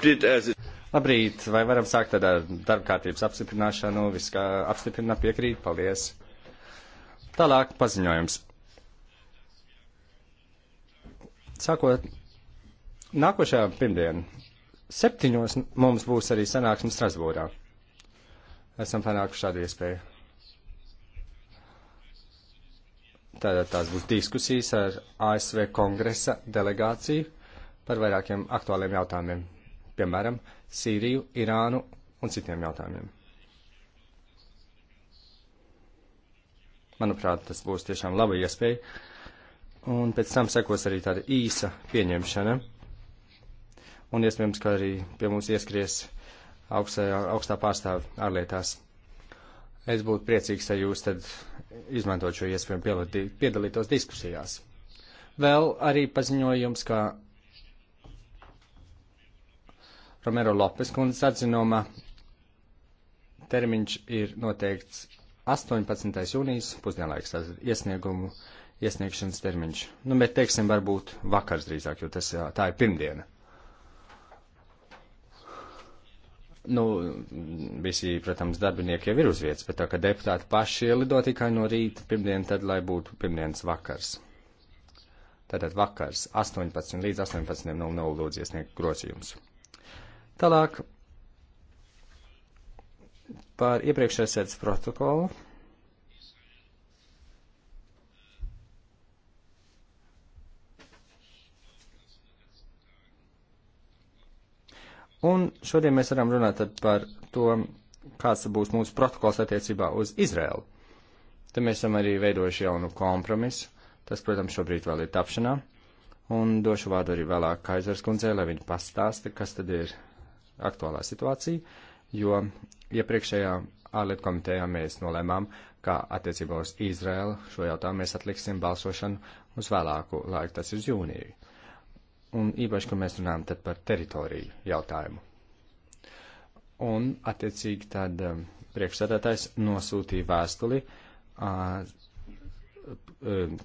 Labrīt, vai varam sākt tad ar darba kārtības apstiprināšanu? Viss kā apstiprina piekrīt, paldies. Tālāk paziņojums. Sākot, nākošajā pirmdien, septiņos mums būs arī sanāksme Strasbūrā. Esam panākuši šādu iespēju. Tātad tās būs diskusijas ar ASV kongresa delegāciju par vairākiem aktuāliem jautājumiem piemēram, Sīriju, Irānu un citiem jautājumiem. Manuprāt, tas būs tiešām laba iespēja. Un pēc tam sekos arī tāda īsa pieņemšana. Un iespējams, ka arī pie mums ieskries augstā, augstā pārstāve ārlietās. Es būtu priecīgs, ja jūs tad izmantot šo iespēju piedalītos diskusijās. Vēl arī paziņojums, ka Romero Lopes kundzes atzinuma termiņš ir noteikts 18. jūnijas pusdienlaiks, tas ir iesniegumu iesniegšanas termiņš. Nu, bet teiksim, varbūt vakars drīzāk, jo tas, jā, tā ir pirmdiena. Nu, visi, protams, darbinieki jau ir uz vietas, bet tā, ka deputāti paši ielido tikai no rīta pirmdien, tad lai būtu pirmdienas vakars. Tātad vakars 18 līdz 18.00 nu, nu, lūdzu iesniegt grozījums. Tālāk par iepriekšējās sēdes protokolu. Un šodien mēs varam runāt par to, kāds būs mūsu protokols attiecībā uz Izraēlu. Te mēs esam arī veidojuši jaunu kompromisu. Tas, protams, šobrīd vēl ir tapšanā. Un došu vārdu arī vēlāk Kaisers kundzei, lai viņa pastāsta, kas tad ir aktuālā situācija, jo iepriekšējā ārlietu komitejā mēs nolēmām, ka attiecībā uz Izraēlu šo jautājumu mēs atliksim balsošanu uz vēlāku laiku, tas ir uz jūniju. Un īpaši, ka mēs runājam tad par teritoriju jautājumu. Un, attiecīgi, tad um, priekšsēdētājs nosūtīja vēstuli um,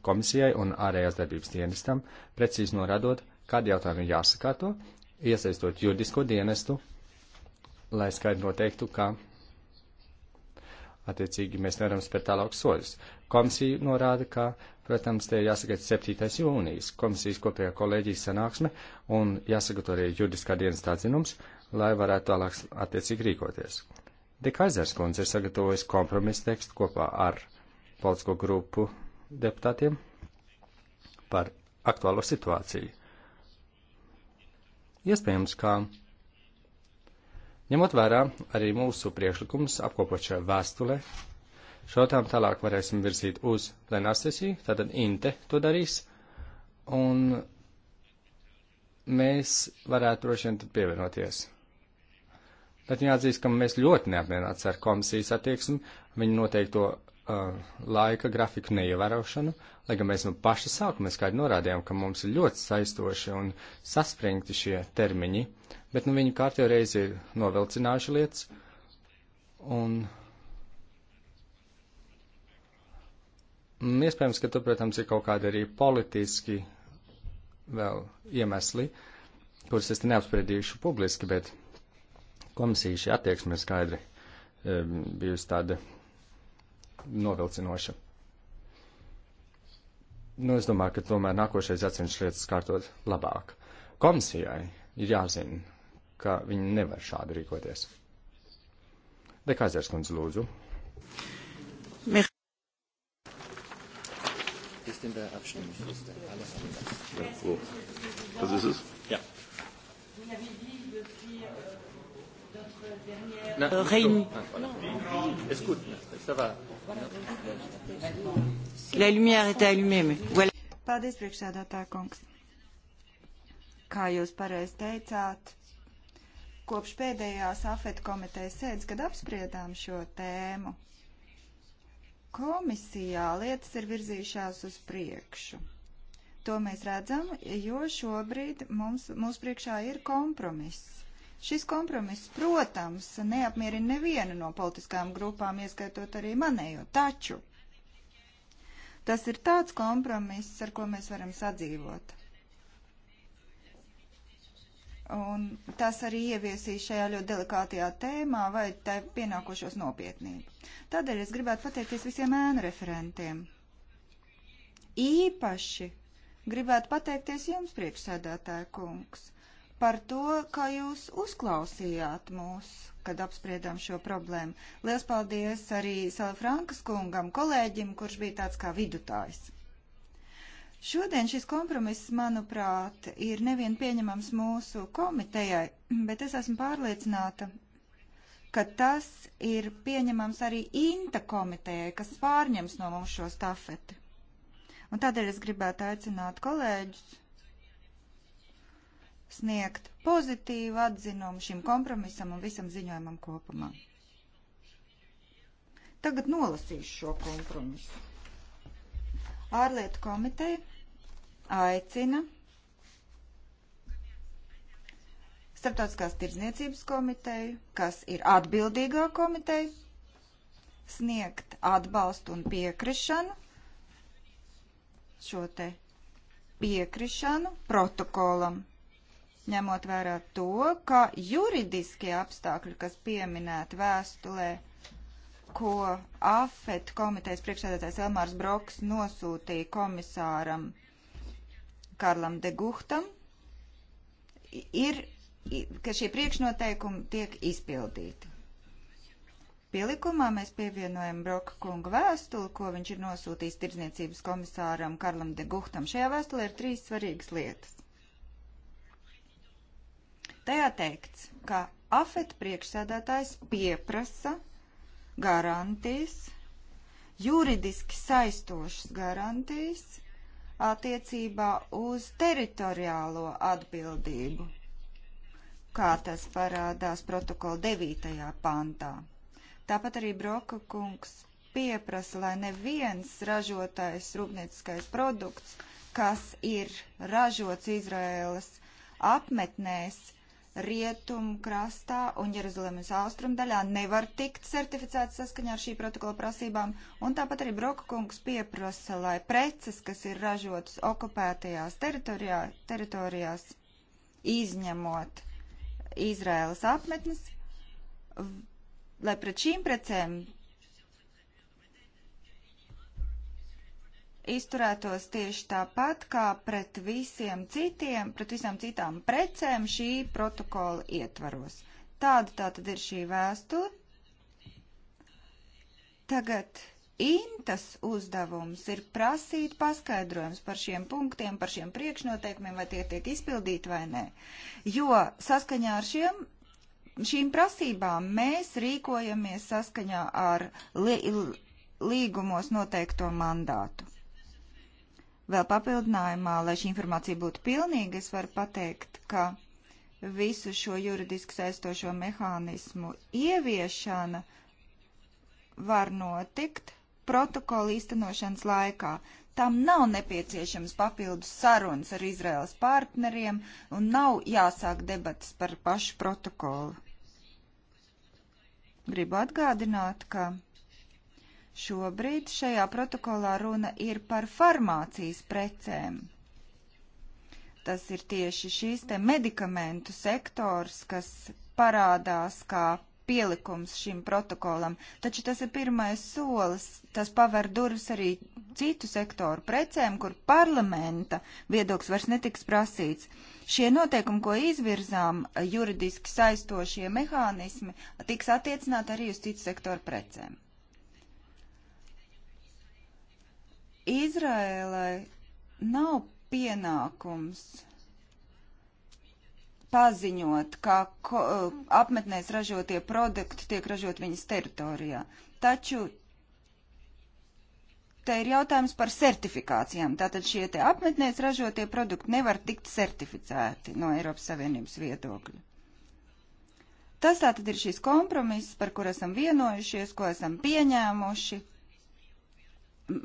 komisijai un ārējās darbības dienestam, precīzi norādot, kādi jautājumi ir jāsakārto, iesaistot juridisko dienestu lai skaidri noteiktu, ka attiecīgi mēs nevaram spērt tālākus soļus. Komisija norāda, ka, protams, te jāsagaida 7. jūnijas komisijas kopējā kolēģijas sanāksme un jāsagatavo arī juridiskā dienas atzinums, lai varētu tālāk attiecīgi rīkoties. Dekaizers kundze ir sagatavojis kompromisu tekstu kopā ar politisko grupu deputātiem par aktuālo situāciju. Iespējams, ka Ņemot vērā arī mūsu priekšlikumus apkopot šajā vēstulē, šo tām tālāk varēsim virzīt uz plenārsesiju, tātad Inte to darīs, un mēs varētu droši vien tad pievienoties. Bet jāatzīst, ka mēs ļoti neapmierināts ar komisijas attieksmi, viņu noteikto uh, laika grafiku neievērošanu, lai gan mēs no nu paša sākuma skaidri norādījām, ka mums ir ļoti saistoši un saspringti šie termiņi, bet nu, viņi kārtējo reizi ir novilcinājuši lietas. Un, un mm, iespējams, ka tur, protams, ir kaut kādi arī politiski vēl iemesli, kurus es te neapspriedīšu publiski, bet komisija šī attieksme skaidri bijusi tāda novilcinoša. Nu, es domāju, ka tomēr nākošais atsevišķas lietas kārtot labāk. Komisijai ir jāzina, ka viņi nevar šādi rīkoties. Dekāzers kundze, lūdzu. Paldies, priekšsēdētā kungs. Kā jūs pareizi teicāt, Kopš pēdējās afet komitejas sēdes, kad apspriedām šo tēmu, komisijā lietas ir virzījušās uz priekšu. To mēs redzam, jo šobrīd mums, mums priekšā ir kompromiss. Šis kompromiss, protams, neapmierina nevienu no politiskām grupām, ieskaitot arī manējo, taču tas ir tāds kompromiss, ar ko mēs varam sadzīvot. Un tas arī ieviesīs šajā ļoti delikātajā tēmā vai tai pienākošos nopietnību. Tādēļ es gribētu pateikties visiem ēnu referentiem. Īpaši gribētu pateikties jums, priekšsēdētāja kungs, par to, ka jūs uzklausījāt mūs, kad apspriedām šo problēmu. Lielas paldies arī Sala Frankas kungam, kolēģim, kurš bija tāds kā vidutājs. Šodien šis kompromiss, manuprāt, ir nevien pieņemams mūsu komitejai, bet es esmu pārliecināta, ka tas ir pieņemams arī INTA komitejai, kas pārņems no mums šo stafeti. Un tādēļ es gribētu aicināt kolēģus sniegt pozitīvu atzinumu šim kompromisam un visam ziņojumam kopumā. Tagad nolasīšu šo kompromisu. Ārlietu komiteja aicina Starptautiskās tirdzniecības komiteju, kas ir atbildīgā komiteja, sniegt atbalstu un piekrišanu šo te piekrišanu protokolam, ņemot vērā to, ka juridiskie apstākļi, kas pieminēti vēstulē, ko AFET komitejas priekšsēdētājs Elmārs Broks nosūtīja komisāram Karlam de Guhtam, ir, ka šie priekšnoteikumi tiek izpildīti. Pielikumā mēs pievienojam Broka kunga vēstuli, ko viņš ir nosūtījis tirdzniecības komisāram Karlam de Guhtam. Šajā vēstulē ir trīs svarīgas lietas. Tajā teikts, ka AFET priekšsēdētājs pieprasa garantijas, juridiski saistošas garantijas attiecībā uz teritoriālo atbildību, kā tas parādās protokola 9. pantā. Tāpat arī Broka kungs pieprasa, lai neviens ražotais rūpnieciskais produkts, kas ir ražots Izraēlas apmetnēs, rietumu krastā un Jeruzalemes austrumu daļā nevar tikt certificēts saskaņā ar šī protokola prasībām, un tāpat arī Broka kungs pieprasa, lai preces, kas ir ražotas okupētajās teritorijā, teritorijās, izņemot Izraēlas apmetnes, lai pret šīm precēm izturētos tieši tāpat kā pret visiem citiem, pret visām citām precēm šī protokola ietvaros. Tāda tā tad ir šī vēstule. Tagad Intas uzdevums ir prasīt paskaidrojums par šiem punktiem, par šiem priekšnoteikumiem, vai tie tiek izpildīti vai nē. Jo saskaņā ar šiem, šīm prasībām mēs rīkojamies saskaņā ar li, līgumos noteikto mandātu. Vēl papildinājumā, lai šī informācija būtu pilnīga, es varu pateikt, ka visu šo juridisku saistošo mehānismu ieviešana var notikt protokola īstenošanas laikā. Tam nav nepieciešams papildus sarunas ar Izraels partneriem un nav jāsāk debatas par pašu protokolu. Gribu atgādināt, ka Šobrīd šajā protokolā runa ir par farmācijas precēm. Tas ir tieši šīs te medikamentu sektors, kas parādās kā pielikums šim protokolam, taču tas ir pirmais solis, tas paver durvis arī citu sektoru precēm, kur parlamenta viedoklis vairs netiks prasīts. Šie noteikumi, ko izvirzām, juridiski saistošie mehānismi, tiks attiecināt arī uz citu sektoru precēm. Izrēlai nav pienākums paziņot, ka ko, apmetnēs ražotie produkti tiek ražot viņas teritorijā. Taču te ir jautājums par certifikācijām. Tātad šie te apmetnēs ražotie produkti nevar tikt certificēti no Eiropas Savienības viedokļa. Tas tātad ir šis kompromiss, par kur esam vienojušies, ko esam pieņēmuši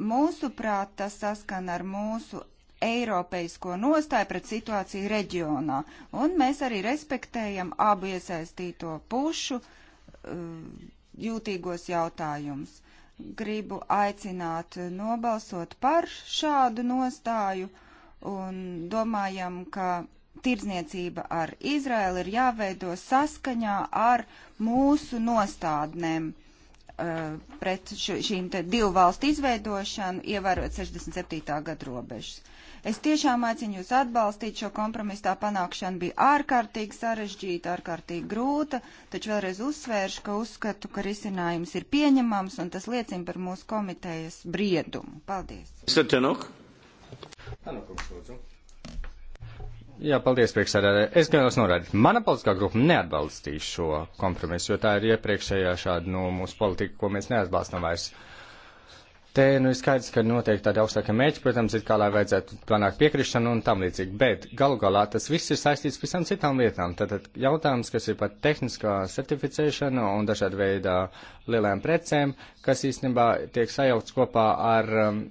Mūsuprāt, tas saskan ar mūsu eiropeisko nostāju pret situāciju reģionā, un mēs arī respektējam abu iesaistīto pušu uh, jūtīgos jautājumus. Gribu aicināt nobalsot par šādu nostāju un domājam, ka tirdzniecība ar Izraelu ir jāveido saskaņā ar mūsu nostādnēm uh, pret š, šīm te divu valstu izveidošanu, ievērot 67. gadu robežas. Es tiešām aicinu jūs atbalstīt šo kompromisu, tā panākšana bija ārkārtīgi sarežģīta, ārkārtīgi grūta, taču vēlreiz uzsvēršu, ka uzskatu, ka risinājums ir pieņemams un tas liecina par mūsu komitejas briedumu. Paldies! Tanok. Tanok, lūdzu. Jā, paldies, priekšsēdētāji. Es gan jūs norādīju, mana politiskā grupa neatbalstīs šo kompromisu, jo tā ir iepriekšējā šāda, nu, mūsu politika, ko mēs neatbalstam vairs. Te, nu, ir skaidrs, ka noteikti tādi augstākie mērķi, protams, ir kā lai vajadzētu panākt piekrišanu un tam līdzīgi, bet galu galā tas viss ir saistīts visam citām lietām. Tātad jautājums, kas ir par tehniskā certificēšanu un dažādu veidā lielajām precēm, kas īstenībā tiek sajaukts kopā ar um,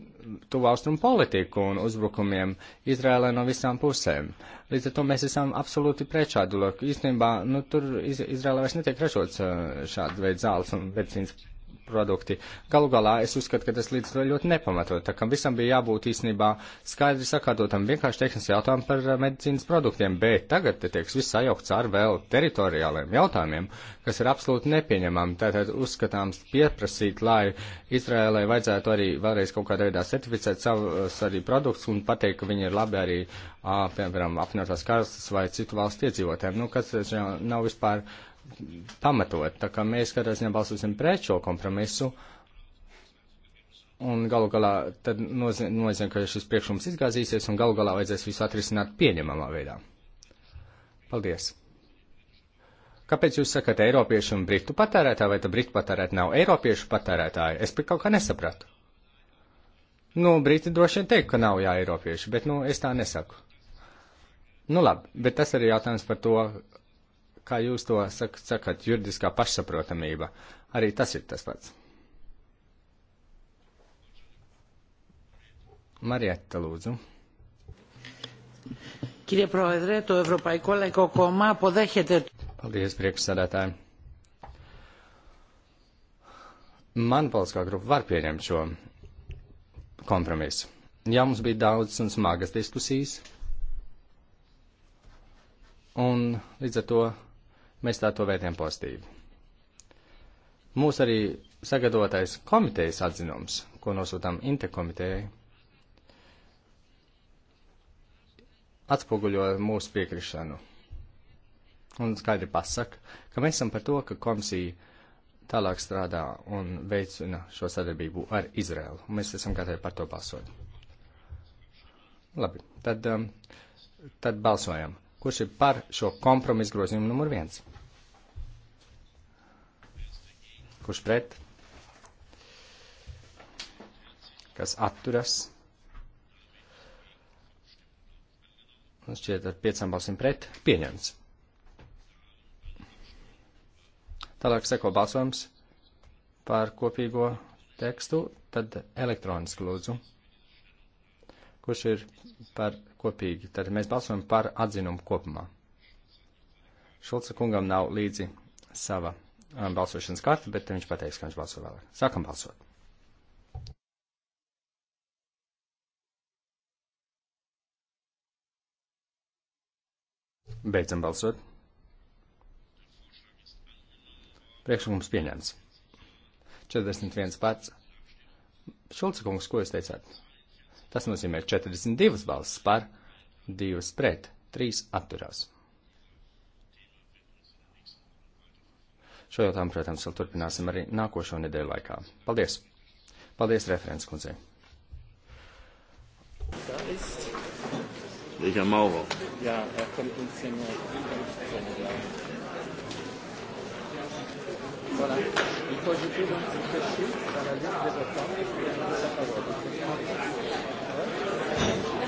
tuvaustrumu politiku un uzbrukumiem Izrēlē no visām pusēm. Līdz ar to mēs esam absolūti pret šādu loku. Īstenībā, nu, tur iz, Izrēlē vairs netiek ražots šāda veida zāles un medicīnas produkti. Galu galā es uzskatu, ka tas līdz ļoti nepamatot, tā kam visam bija jābūt īstenībā skaidri sakārtotam vienkārši tehniski jautājumu par eh, medicīnas produktiem, bet tagad te tieks viss sajaukts ar vēl teritoriāliem jautājumiem, kas ir absolūti nepieņemami. Tātad uzskatāms pieprasīt, lai Izrēlai vajadzētu arī vēlreiz kaut kādā veidā certificēt savus arī produktus un pateikt, ka viņi ir labi arī, piemēram, apvienotās karstas vai citu valstu iedzīvotājiem. Nu, kas eh, nav vispār uh, pamatot. Tā kā mēs kādā ziņā balsosim pret šo kompromisu, un galu galā tad nozīmē, ka šis priekšums izgāzīsies, un galu galā vajadzēs visu atrisināt pieņemamā veidā. Paldies! Kāpēc jūs sakat Eiropiešu un Britu patērētāju, vai tad Britu patērētāji nav Eiropiešu patērētāji? Es pat kaut kā nesapratu. Nu, Briti droši vien teikt, ka nav jā, Eiropieši, bet, nu, es tā nesaku. Nu, labi, bet tas arī jautājums par to, kā jūs to sakat, sakat juridiskā pašsaprotamība. Arī tas ir tas pats. Marietta, lūdzu. Κύριε Πρόεδρε, το Ευρωπαϊκό Λαϊκό Κόμμα αποδέχεται... Paldies, priekšsēdētāji. Man politiskā grupa var pieņemt šo kompromisu. Jā, mums bija daudz un smagas diskusijas. Un līdz ar to Mēs tā to vērtējam pozitīvi. Mūs arī sagatavotais komitejas atzinums, ko nosūtām interkomitejai, atspoguļo mūsu piekrišanu. Un skaidri pasaka, ka mēs esam par to, ka komisija tālāk strādā un veicina šo sadarbību ar Izrēlu. Mēs esam gatavi par to balsot. Labi, tad, um, tad balsojam. Kurš ir par šo kompromisu grozījumu numur viens? Kurš pret? Kas atturas? Un nu, šķiet ar piecām balsīm pret pieņemts. Tālāk seko balsojums par kopīgo tekstu, tad elektroniski lūdzu. Kurš ir par kopīgi? Tad mēs balsojam par atzinumu kopumā. Šulca kungam nav līdzi sava Um, balsošanas karti, bet viņš pateiks, ka viņš balso vēlāk. Sākam balsot! Beidzam balsot. Priekšlikums pieņemts. 41 pats. Šulca kungs, ko jūs teicāt? Tas nozīmē 42 balsis par, 2 pret, 3 atturās. Šo jautājumu, protams, vēl turpināsim arī nākošo nedēļu laikā. Paldies! Paldies, referents kundzei! Welcher Maurer? Ja, er kommt um 10 Uhr. Voilà. Il faut ajouter donc ce péché à la liste des attentes et à la parole.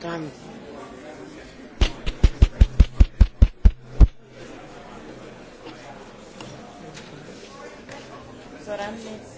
Там. Zoran needs.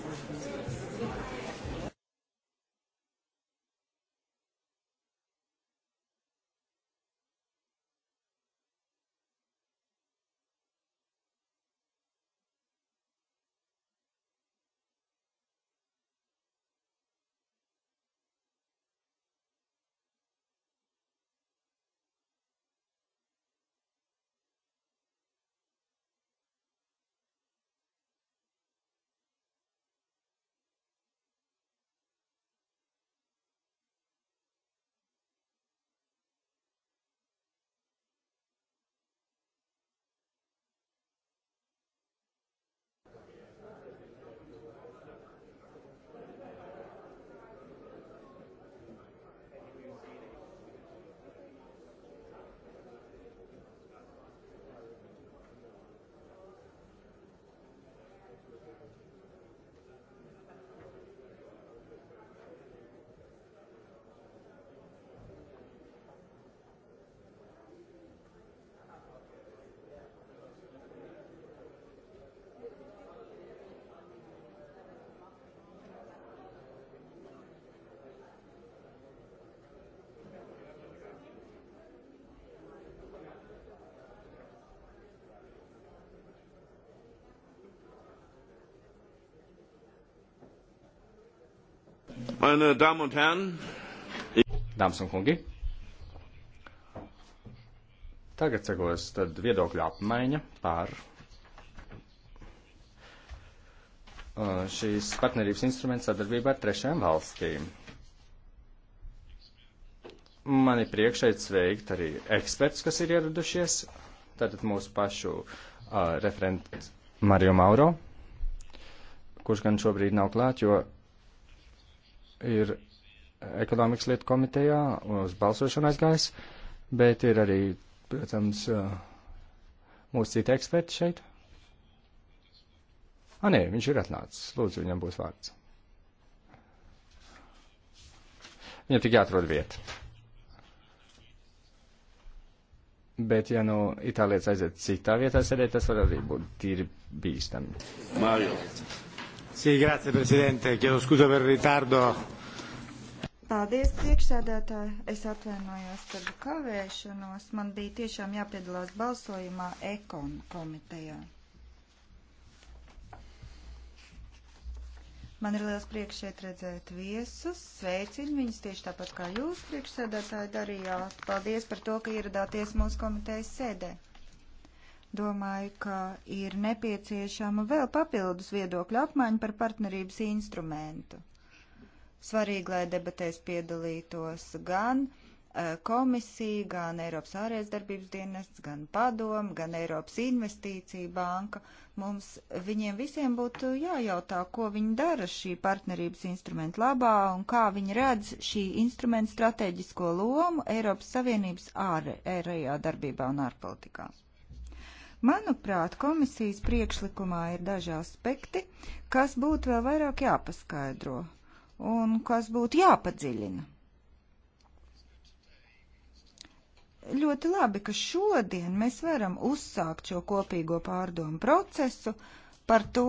Meine Damen und Herren, Dāmas un kungi, tagad sekos tad viedokļu apmaiņa par uh, šīs partnerības instruments sadarbībā ar trešajām valstīm. Man ir priekšēji sveikt arī eksperts, kas ir ieradušies, tātad mūsu pašu uh, referentu Mario Mauro, kurš gan šobrīd nav klāt, jo ir ekonomikas lietu komitejā uz balsošanu aizgājis, bet ir arī, protams, mūsu citi eksperti šeit. A, nē, viņš ir atnācis. Lūdzu, viņam būs vārds. Viņam tik jāatrod vieta. Bet, ja nu itālietis aiziet citā vietā sēdēt, tas var arī būt tīri bīstami. Mārija. Sī, grazie, prezidente. Chiedo scusa par ritardo. Paldies, priekšsēdētāji. Es atvainojos par kavēšanos. Man bija tiešām jāpiedalās balsojumā ekon komitejā. Man ir liels prieks šeit redzēt viesus. Sveicinu viņus tieši tāpat kā jūs, priekšsēdētāji, darījāt. Paldies par to, ka ieradāties mūsu komitejas sēdē. Domāju, ka ir nepieciešama vēl papildus viedokļu apmaiņa par partnerības instrumentu. Svarīgi, lai debatēs piedalītos gan e, komisija, gan Eiropas ārēsdarbības dienests, gan padomu, gan Eiropas investīcija banka. Mums viņiem visiem būtu jājautā, ko viņi dara šī partnerības instrumenta labā un kā viņi redz šī instrumenta strateģisko lomu Eiropas Savienības ārējā darbībā un ārpolitikās. Manuprāt, komisijas priekšlikumā ir daži aspekti, kas būtu vēl vairāk jāpaskaidro un kas būtu jāpadziļina. Ļoti labi, ka šodien mēs varam uzsākt šo kopīgo pārdomu procesu par to,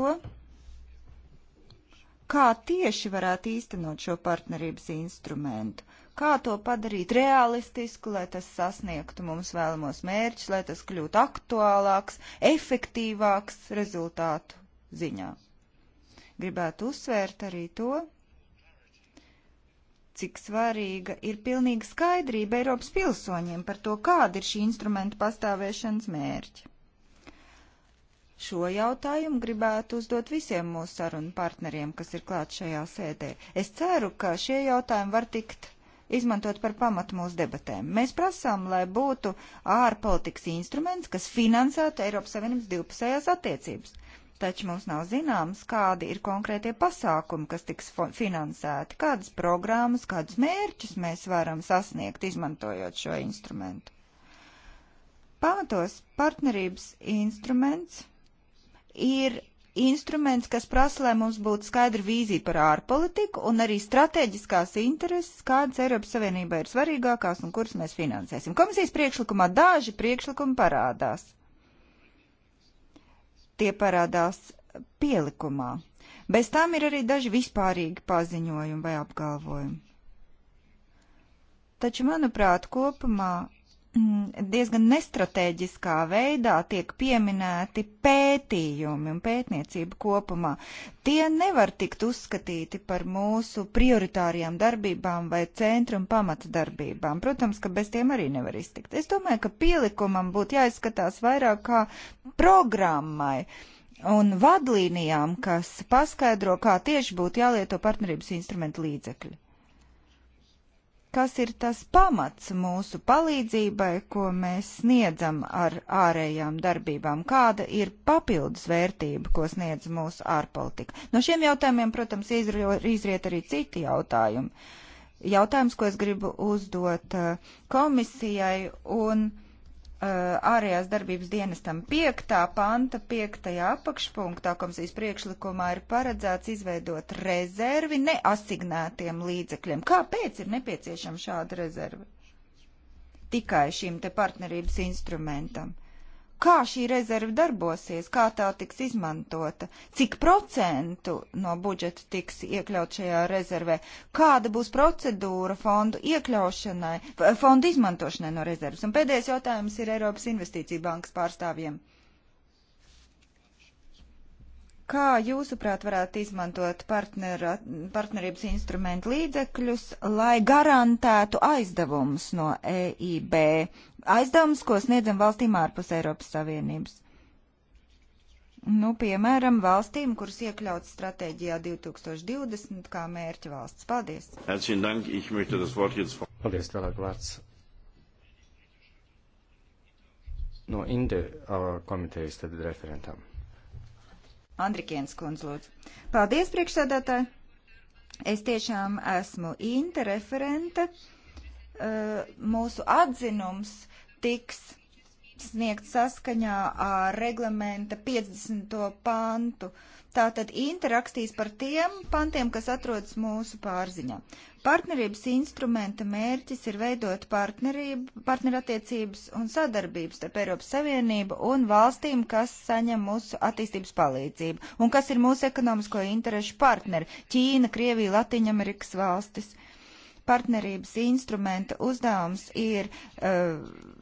kā tieši varētu īstenot šo partnerības instrumentu, Kā to padarīt realistisku, lai tas sasniegtu mums vēlamos mērķus, lai tas kļūtu aktuālāks, efektīvāks rezultātu ziņā? Gribētu uzsvērt arī to, cik svarīga ir pilnīga skaidrība Eiropas pilsoņiem par to, kāda ir šī instrumenta pastāvēšanas mērķa. Šo jautājumu gribētu uzdot visiem mūsu sarunu partneriem, kas ir klāt šajā sēdē. Es ceru, ka šie jautājumi var tikt izmantot par pamatu mūsu debatēm. Mēs prasām, lai būtu ārpolitikas instruments, kas finansētu Eiropas Savienības divpusējās attiecības. Taču mums nav zināms, kādi ir konkrētie pasākumi, kas tiks finansēti, kādas programmas, kādus mērķus mēs varam sasniegt, izmantojot šo instrumentu. Pamatos partnerības instruments ir instruments, kas prasa, lai mums būtu skaidra vīzija par ārpolitiku un arī strateģiskās intereses, kādas Eiropas Savienībā ir svarīgākās un kuras mēs finansēsim. Komisijas priekšlikumā daži priekšlikumi parādās. Tie parādās pielikumā. Bez tām ir arī daži vispārīgi paziņojumi vai apgalvojumi. Taču, manuprāt, kopumā Mm, diezgan nestrateģiskā veidā tiek pieminēti pētījumi un pētniecība kopumā. Tie nevar tikt uzskatīti par mūsu prioritārijām darbībām vai centrum pamatdarbībām. Protams, ka bez tiem arī nevar iztikt. Es domāju, ka pielikumam būtu jāizskatās vairāk kā programmai un vadlīnijām, kas paskaidro, kā tieši būtu jālieto partnerības instrumentu līdzekļi kas ir tas pamats mūsu palīdzībai, ko mēs sniedzam ar ārējām darbībām, kāda ir papildus vērtība, ko sniedz mūsu ārpolitika. No šiem jautājumiem, protams, izriet arī citi jautājumi. Jautājums, ko es gribu uzdot eh, komisijai un komisijai Uh, ārējās darbības dienestam 5. panta 5. apakšpunktā komisijas priekšlikumā ir paredzēts izveidot rezervi neasignētiem līdzekļiem. Kāpēc ir nepieciešama šāda rezerve? Tikai šim te partnerības instrumentam kā šī rezerve darbosies, kā tā tiks izmantota, cik procentu no budžeta tiks iekļaut šajā rezervē, kāda būs procedūra fondu iekļaušanai, fondu izmantošanai no rezerves. Un pēdējais jautājums ir Eiropas Investīcija bankas pārstāvjiem. Kā jūsuprāt varētu izmantot partnera, partnerības instrumentu līdzekļus, lai garantētu aizdevumus no EIB aizdevumus, ko sniedzam valstīm ārpus Eiropas Savienības. Nu, piemēram, valstīm, kuras iekļauts stratēģijā 2020 kā mērķa valsts. Paldies! Paldies, tālāk vārds. No Inde komitejas tad referentam. Andrikienas kundze, lūdzu. Paldies, priekšsēdētāji! Es tiešām esmu Inte referente. Uh, mūsu atzinums tiks sniegts saskaņā ar reglamenta 50. pantu. Tātad Inta rakstīs par tiem pantiem, kas atrodas mūsu pārziņā. Partnerības instrumenta mērķis ir veidot partnerību, partnerattiecības un sadarbības starp Eiropas Savienību un valstīm, kas saņem mūsu attīstības palīdzību un kas ir mūsu ekonomisko interešu partneri - Ķīna, Krievija, Latiņamerikas valstis. Partnerības instrumenta uzdevums ir uh,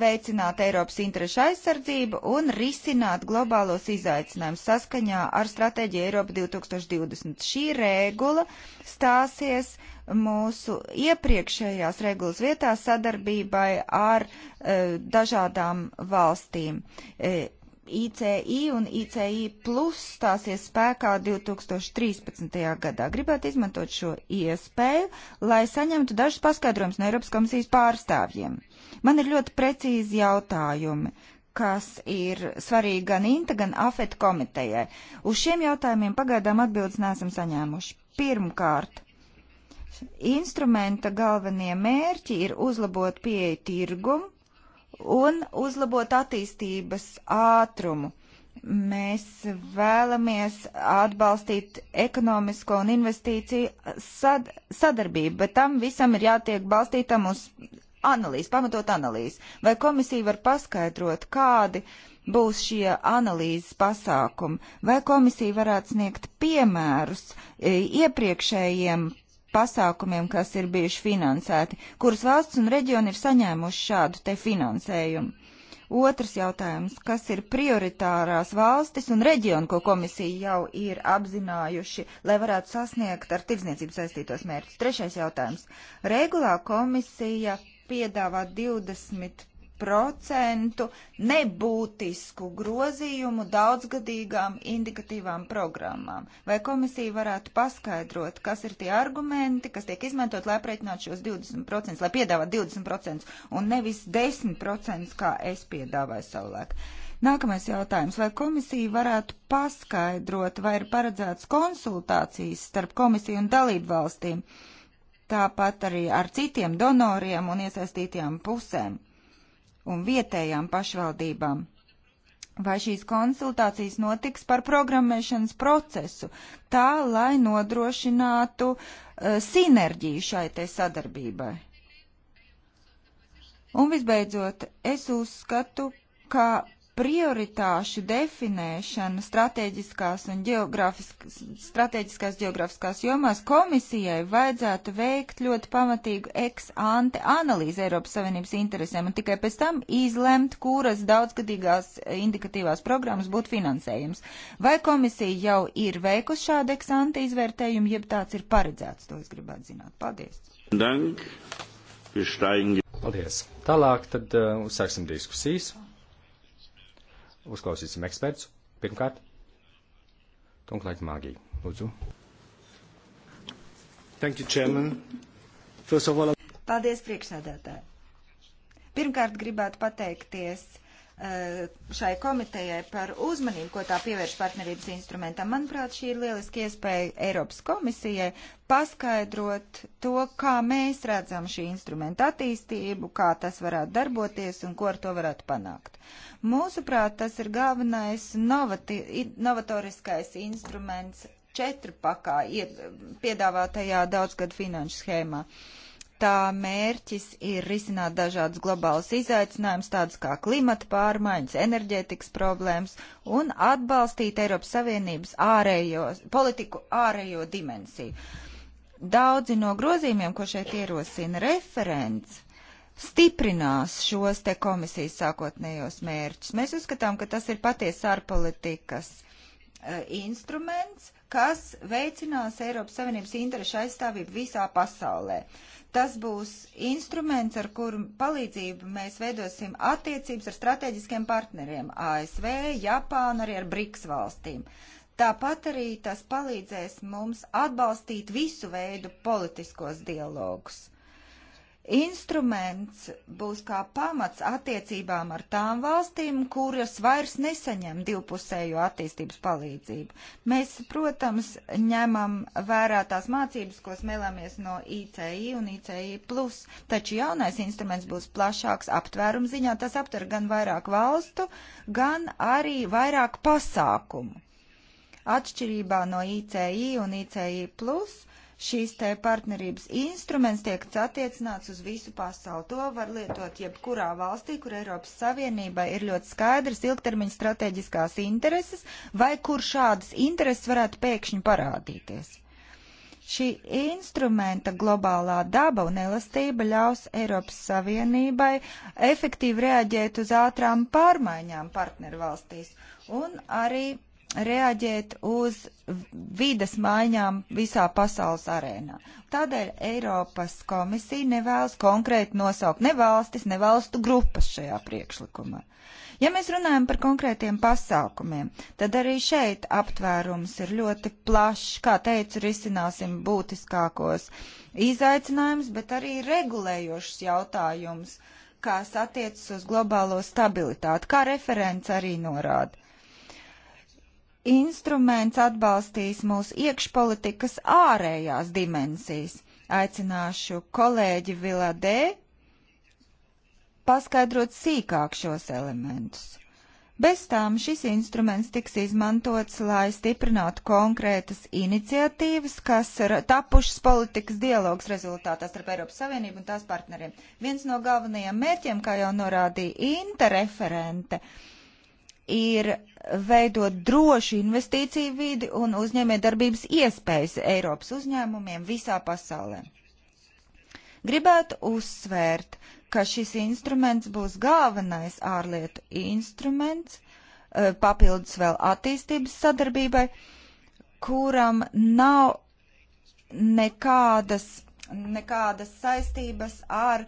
veicināt Eiropas interešu aizsardzību un risināt globālos izaicinājumus saskaņā ar stratēģiju Eiropa 2020. Šī regula stāsies mūsu iepriekšējās regulas vietā sadarbībai ar e, dažādām valstīm. E, ICI un ICI plus stāsies spēkā 2013. gadā. Gribētu izmantot šo iespēju, lai saņemtu dažus paskaidrojumus no Eiropas komisijas pārstāvjiem. E, Man ir ļoti precīzi jautājumi kas ir svarīgi gan INTA, gan AFET komitejai. Uz šiem jautājumiem pagaidām atbildes neesam saņēmuši. Pirmkārt, instrumenta galvenie mērķi ir uzlabot pieeju tirgumu un uzlabot attīstības ātrumu. Mēs vēlamies atbalstīt ekonomisko un investīciju sad sadarbību, bet tam visam ir jātiek balstītam uz analīzi, pamatot analīzi. Vai komisija var paskaidrot, kādi būs šie analīzes pasākumi? Vai komisija varētu sniegt piemērus e, iepriekšējiem pasākumiem, kas ir bijuši finansēti, kuras valsts un reģioni ir saņēmuši šādu te finansējumu? Otrs jautājums, kas ir prioritārās valstis un reģionu, ko komisija jau ir apzinājuši, lai varētu sasniegt ar tirdzniecību saistītos mērķus? Trešais jautājums. Regulā komisija piedāvā 20% nebūtisku grozījumu daudzgadīgām indikatīvām programmām. Vai komisija varētu paskaidrot, kas ir tie argumenti, kas tiek izmantot, lai aprēķinātu šos 20%, lai piedāvātu 20% un nevis 10%, kā es piedāvāju savulaik? Nākamais jautājums. Vai komisija varētu paskaidrot, vai ir paredzēts konsultācijas starp komisiju un dalību valstīm? Uh, tāpat arī ar citiem donoriem un iesaistītajām pusēm un vietējām pašvaldībām. Vai šīs konsultācijas notiks par programmēšanas procesu, tā lai nodrošinātu uh, sinerģiju šai te sadarbībai? Un visbeidzot, es uzskatu, ka prioritāšu definēšana strateģiskās un strateģiskās geogrāfiskās jomās komisijai vajadzētu veikt ļoti pamatīgu ex ante analīzi Eiropas Savienības interesēm un tikai pēc tam izlemt, kuras daudzgadīgās indikatīvās programmas būtu finansējums. Vai komisija jau ir veikusi šādu ex ante izvērtējumu, jeb tāds ir paredzēts, to es gribētu zināt. Paldies! Dank. Paldies! Tālāk tad uh, uzsāksim diskusijas. Uzklausīsim ekspertus. Pirmkārt, Tunklēt Māgī. Lūdzu. Thank you, Chairman. First of all, Paldies, priekšsēdētāji. Pirmkārt, gribētu pateikties Eh, šai komitejai par uzmanību, ko tā pievērš partnerības instrumentam. Manuprāt, šī ir lieliski iespēja Eiropas komisijai paskaidrot to, kā mēs redzam šī instrumenta attīstību, kā tas varētu darboties un ko ar to varētu panākt. Mūsuprāt, tas ir galvenais novati, novatoriskais instruments četru pakā piedāvātajā daudzgad finanšu schēmā. Uh, Tā mērķis ir risināt dažādas globālas izaicinājumus, tādas kā klimata pārmaiņas, enerģētikas problēmas un atbalstīt Eiropas Savienības ārējo, politiku ārējo dimensiju. Daudzi no grozījumiem, ko šeit ierosina referents, stiprinās šos te komisijas sākotnējos mērķus. Mēs uzskatām, ka tas ir patiesa ārpolitikas Eh, instruments, kas veicinās Eiropas Savienības interešu aizstāvību visā pasaulē. Tas būs instruments, ar kuru palīdzību mēs veidosim attiecības ar strateģiskiem partneriem - ASV, Japānu, arī ar BRICS valstīm. Tāpat arī tas palīdzēs mums atbalstīt visu veidu politiskos dialogus instruments būs kā pamats attiecībām ar tām valstīm, kuras vairs nesaņem divpusējo attīstības palīdzību. Mēs, protams, ņemam vērā tās mācības, ko smēlamies no ICI un ICI, plus, taču jaunais instruments būs plašāks aptvērumu ziņā. Tas aptver gan vairāk valstu, gan arī vairāk pasākumu. Atšķirībā no ICI un ICI, plus, uh, šīs te partnerības instruments tiek attiecināts uz visu pasauli. To var lietot jebkurā valstī, kur Eiropas Savienībai ir ļoti skaidrs ilgtermiņa strateģiskās intereses vai kur šādas intereses varētu pēkšņi parādīties. Šī instrumenta globālā daba un elastība ļaus Eiropas Savienībai efektīvi reaģēt uz ātrām pārmaiņām partnervalstīs un arī reaģēt uz vidas maiņām visā pasaules arēnā. Tādēļ Eiropas komisija nevēlas konkrēti nosaukt ne valstis, ne valstu grupas šajā priekšlikumā. Ja mēs runājam par konkrētiem pasākumiem, tad arī šeit aptvērums ir ļoti plašs. Kā teicu, risināsim būtiskākos izaicinājumus, bet arī regulējošus jautājumus, kas attiecas uz globālo stabilitāti, kā referents arī norāda instruments atbalstīs mūsu iekšpolitikas ārējās dimensijas. Aicināšu kolēģi Viladē paskaidrot sīkāk šos elementus. Bez tām šis instruments tiks izmantots, lai stiprinātu konkrētas iniciatīvas, kas ir tapušas politikas dialogs rezultātā starp Eiropas Savienību un tās partneriem. Viens no galvenajiem mērķiem, kā jau norādīja Inta referente, uh, ir veidot drošu investīciju vidi un uzņēmējdarbības iespējas Eiropas uzņēmumiem visā pasaulē. Gribētu uzsvērt, ka šis instruments būs galvenais ārlietu instruments, e, papildus vēl attīstības sadarbībai, kuram nav nekādas nekādas saistības ar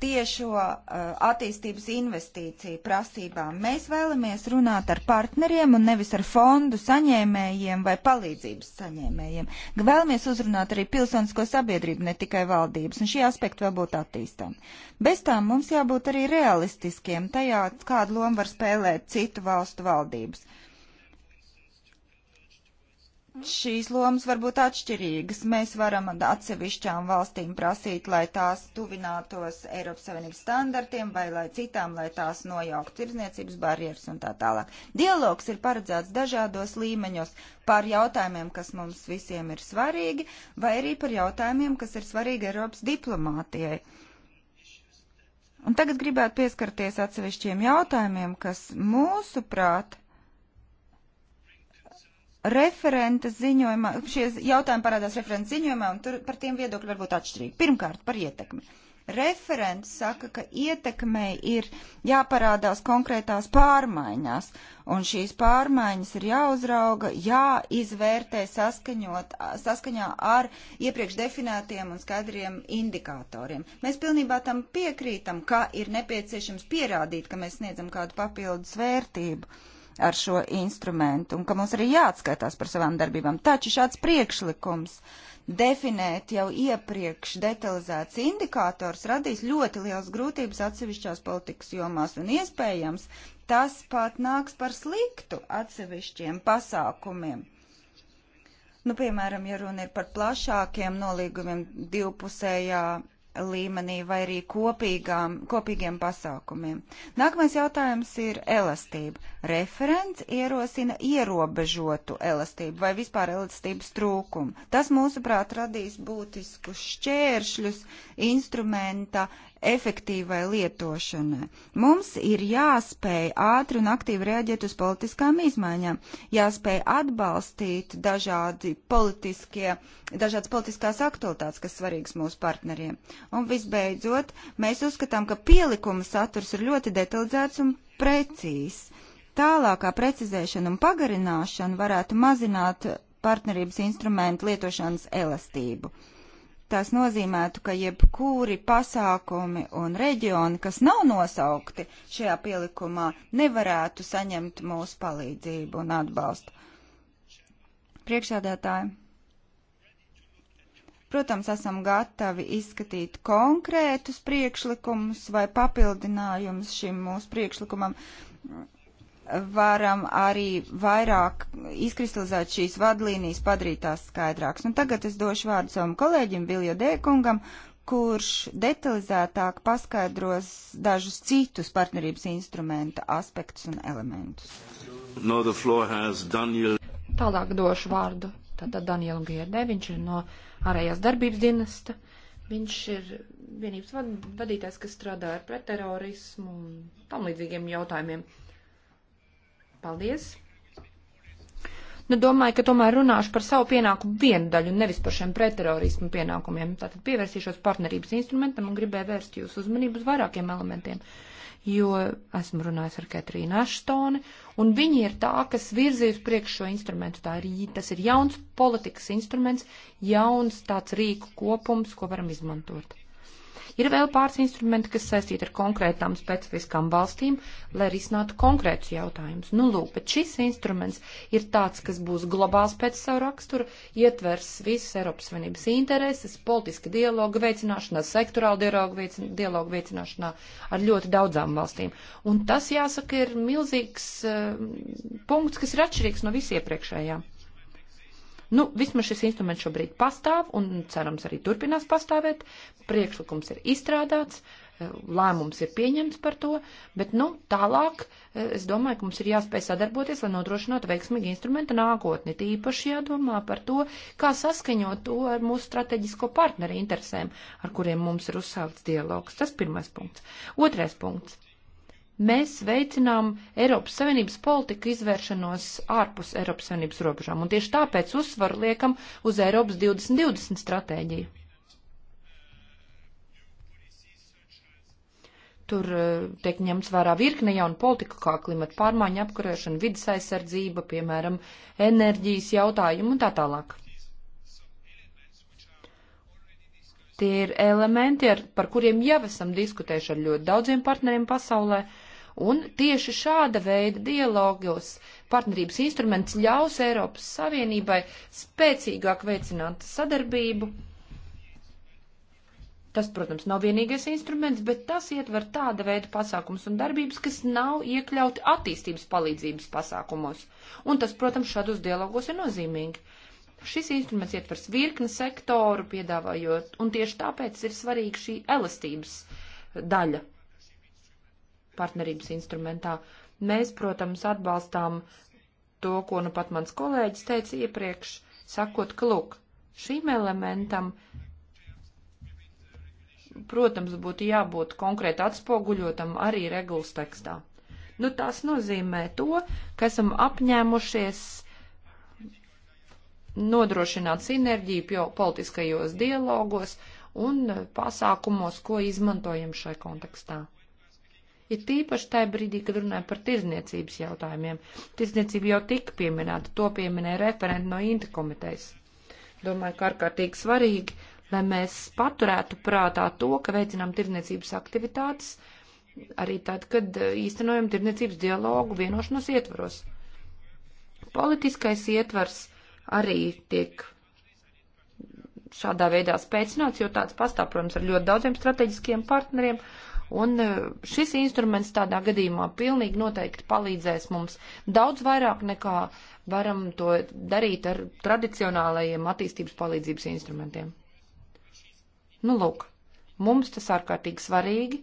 tiešo uh, attīstības investīciju prasībām. Mēs vēlamies runāt ar partneriem un nevis ar fondu saņēmējiem vai palīdzības saņēmējiem. Vēlamies uzrunāt arī pilsonisko sabiedrību, ne tikai valdības, un šie aspekti vēl būtu attīstāmi. Bez tām mums jābūt arī realistiskiem tajā, kādu lomu var spēlēt citu valstu valdības. Uh, Mhm. šīs lomas var būt atšķirīgas. Mēs varam atsevišķām valstīm prasīt, lai tās tuvinātos Eiropas Savienības standartiem vai lai citām, lai tās nojauktu tirzniecības barjeras un tā tālāk. Dialogs ir paredzēts dažādos līmeņos par jautājumiem, kas mums visiem ir svarīgi, vai arī par jautājumiem, kas ir svarīgi Eiropas diplomātijai. Un tagad gribētu pieskarties atsevišķiem jautājumiem, kas mūsuprāt prāt Referenta ziņojumā, šie jautājumi parādās referenta ziņojumā, un tur par tiem viedokļi var būt atšķirīgi. Pirmkārt, par ietekmi. Referents saka, ka ietekmei ir jāparādās konkrētās pārmaiņās, un šīs pārmaiņas ir jāuzrauga, jāizvērtē saskaņot, saskaņā ar iepriekš definētiem un skaidriem indikatoriem. Mēs pilnībā tam piekrītam, ka ir nepieciešams pierādīt, ka mēs sniedzam kādu papildus vērtību ar šo instrumentu un ka mums arī jāatskaitās par savām darbībām. Taču šāds priekšlikums definēt jau iepriekš detalizēts indikators radīs ļoti liels grūtības atsevišķās politikas jomās un iespējams tas pat nāks par sliktu atsevišķiem pasākumiem. Nu, piemēram, ja runa ir par plašākiem nolīgumiem divpusējā līmenī vai arī kopīgām, kopīgiem pasākumiem. Nākamais jautājums ir elastība. Referents ierosina ierobežotu elastību vai vispār elastības trūkumu. Tas, mūsuprāt, radīs būtiskus šķēršļus instrumenta efektīvai lietošanai. Mums ir jāspēj ātri un aktīvi reaģēt uz politiskām izmaiņām, jāspēj atbalstīt dažādi politiskie, dažādas politiskās aktualitātes, kas svarīgas mūsu partneriem. Un visbeidzot, mēs uzskatām, ka pielikuma saturs ir ļoti detalizēts un precīzs. Tālākā precizēšana un pagarināšana varētu mazināt partnerības instrumentu lietošanas elastību. Tas nozīmētu, ka jebkuri pasākumi un reģioni, kas nav nosaukti šajā pielikumā, nevarētu saņemt mūsu palīdzību un atbalstu. Priekšsēdētāji, protams, esam gatavi izskatīt konkrētus priekšlikumus vai papildinājumus šim mūsu priekšlikumam varam arī vairāk izkristalizēt šīs vadlīnijas, padarīt tās skaidrākas. Un nu, tagad es došu vārdu savam kolēģim Viljo Dēkungam, kurš detalizētāk paskaidros dažus citus partnerības instrumenta aspektus un elementus. No Daniel... Tālāk došu vārdu. Tātad Danielam Gierdē, viņš ir no ārējās darbības dienesta. Viņš ir vienības vadītājs, kas strādā ar pretterorismu un tam līdzīgiem jautājumiem. Uh, Paldies! Nu, domāju, ka tomēr runāšu par savu pienākumu vienu daļu, nevis par šiem pretterorismu pienākumiem. Tātad pievērsīšos partnerības instrumentam un gribēju vērst jūsu uzmanību uz vairākiem elementiem, jo esmu runājis ar Ketrīnu Aštoni, un viņi ir tā, kas virzīja uz priekšu šo instrumentu. Tā ir, tas ir jauns politikas instruments, jauns tāds rīku kopums, ko varam izmantot. Ir vēl pāris instrumenti, kas saistīti ar konkrētām specifiskām valstīm, lai risinātu konkrētus jautājumus. Nu, lūk, bet šis instruments ir tāds, kas būs globāls pēc savu raksturu, ietvers visas Eiropas Savienības intereses, politiska dialoga veicināšanā, sektorāla dialoga, veicin dialoga veicināšanā ar ļoti daudzām valstīm. Un tas, jāsaka, ir milzīgs uh, punkts, kas ir atšķirīgs no visiepriekšējām. Nu, vismaz šis instruments šobrīd pastāv un cerams arī turpinās pastāvēt. Priekšlikums ir izstrādāts, eh, lēmums ir pieņemts par to, bet, nu, tālāk eh, es domāju, ka mums ir jāspēj sadarboties, lai nodrošinātu veiksmīgu instrumenta nākotni. Tīpaši jādomā par to, kā saskaņot to ar mūsu strateģisko partneri interesēm, ar kuriem mums ir uzsākts dialogs. Tas pirmais punkts. Otrais punkts mēs veicinām Eiropas Savienības politiku izvēršanos ārpus Eiropas Savienības robežām, un tieši tāpēc uzsvaru liekam uz Eiropas 2020 stratēģiju. Tur eh, tiek ņemts vērā virkne jaunu politiku, kā klimata pārmaiņa apkarēšana, vidas aizsardzība, piemēram, enerģijas jautājumu un tā tālāk. Tie ir elementi, ar, par kuriem jau esam diskutējuši ar ļoti daudziem partneriem pasaulē, uh, Un tieši šāda veida dialogos partnerības instruments ļaus Eiropas Savienībai spēcīgāk veicināt sadarbību. Tas, protams, nav vienīgais instruments, bet tas ietver tāda veida pasākums un darbības, kas nav iekļauti attīstības palīdzības pasākumos. Un tas, protams, šādos dialogos ir nozīmīgi. Šis instruments ietvers virkni sektoru, piedāvājot, un tieši tāpēc ir svarīga šī elastības daļa partnerības instrumentā. Mēs, protams, atbalstām to, ko nu pat mans kolēģis teica iepriekš, sakot, ka lūk, šīm elementam, protams, būtu jābūt konkrēti atspoguļotam arī regulas tekstā. Nu, tas nozīmē to, ka esam apņēmušies nodrošināt sinerģiju politiskajos dialogos un pasākumos, ko izmantojam šai kontekstā. Ir tīpaši tajā brīdī, kad runājam par tirzniecības jautājumiem. Tirzniecība jau tika pieminēta, to pieminēja referenti no Inta komitejas. Domāju, ka ārkārtīgi svarīgi, lai mēs paturētu prātā to, ka veicinām tirzniecības aktivitātes arī tad, kad e, īstenojam tirzniecības dialogu vienošanos ietvaros. Politiskais ietvars arī tiek šādā veidā spēcināts, jo tāds pastāv, protams, ar ļoti daudziem strateģiskiem partneriem, Un e, šis instruments tādā gadījumā pilnīgi noteikti palīdzēs mums daudz vairāk nekā varam to darīt ar tradicionālajiem attīstības palīdzības instrumentiem. Nu, lūk, mums tas ārkārtīgi svarīgi.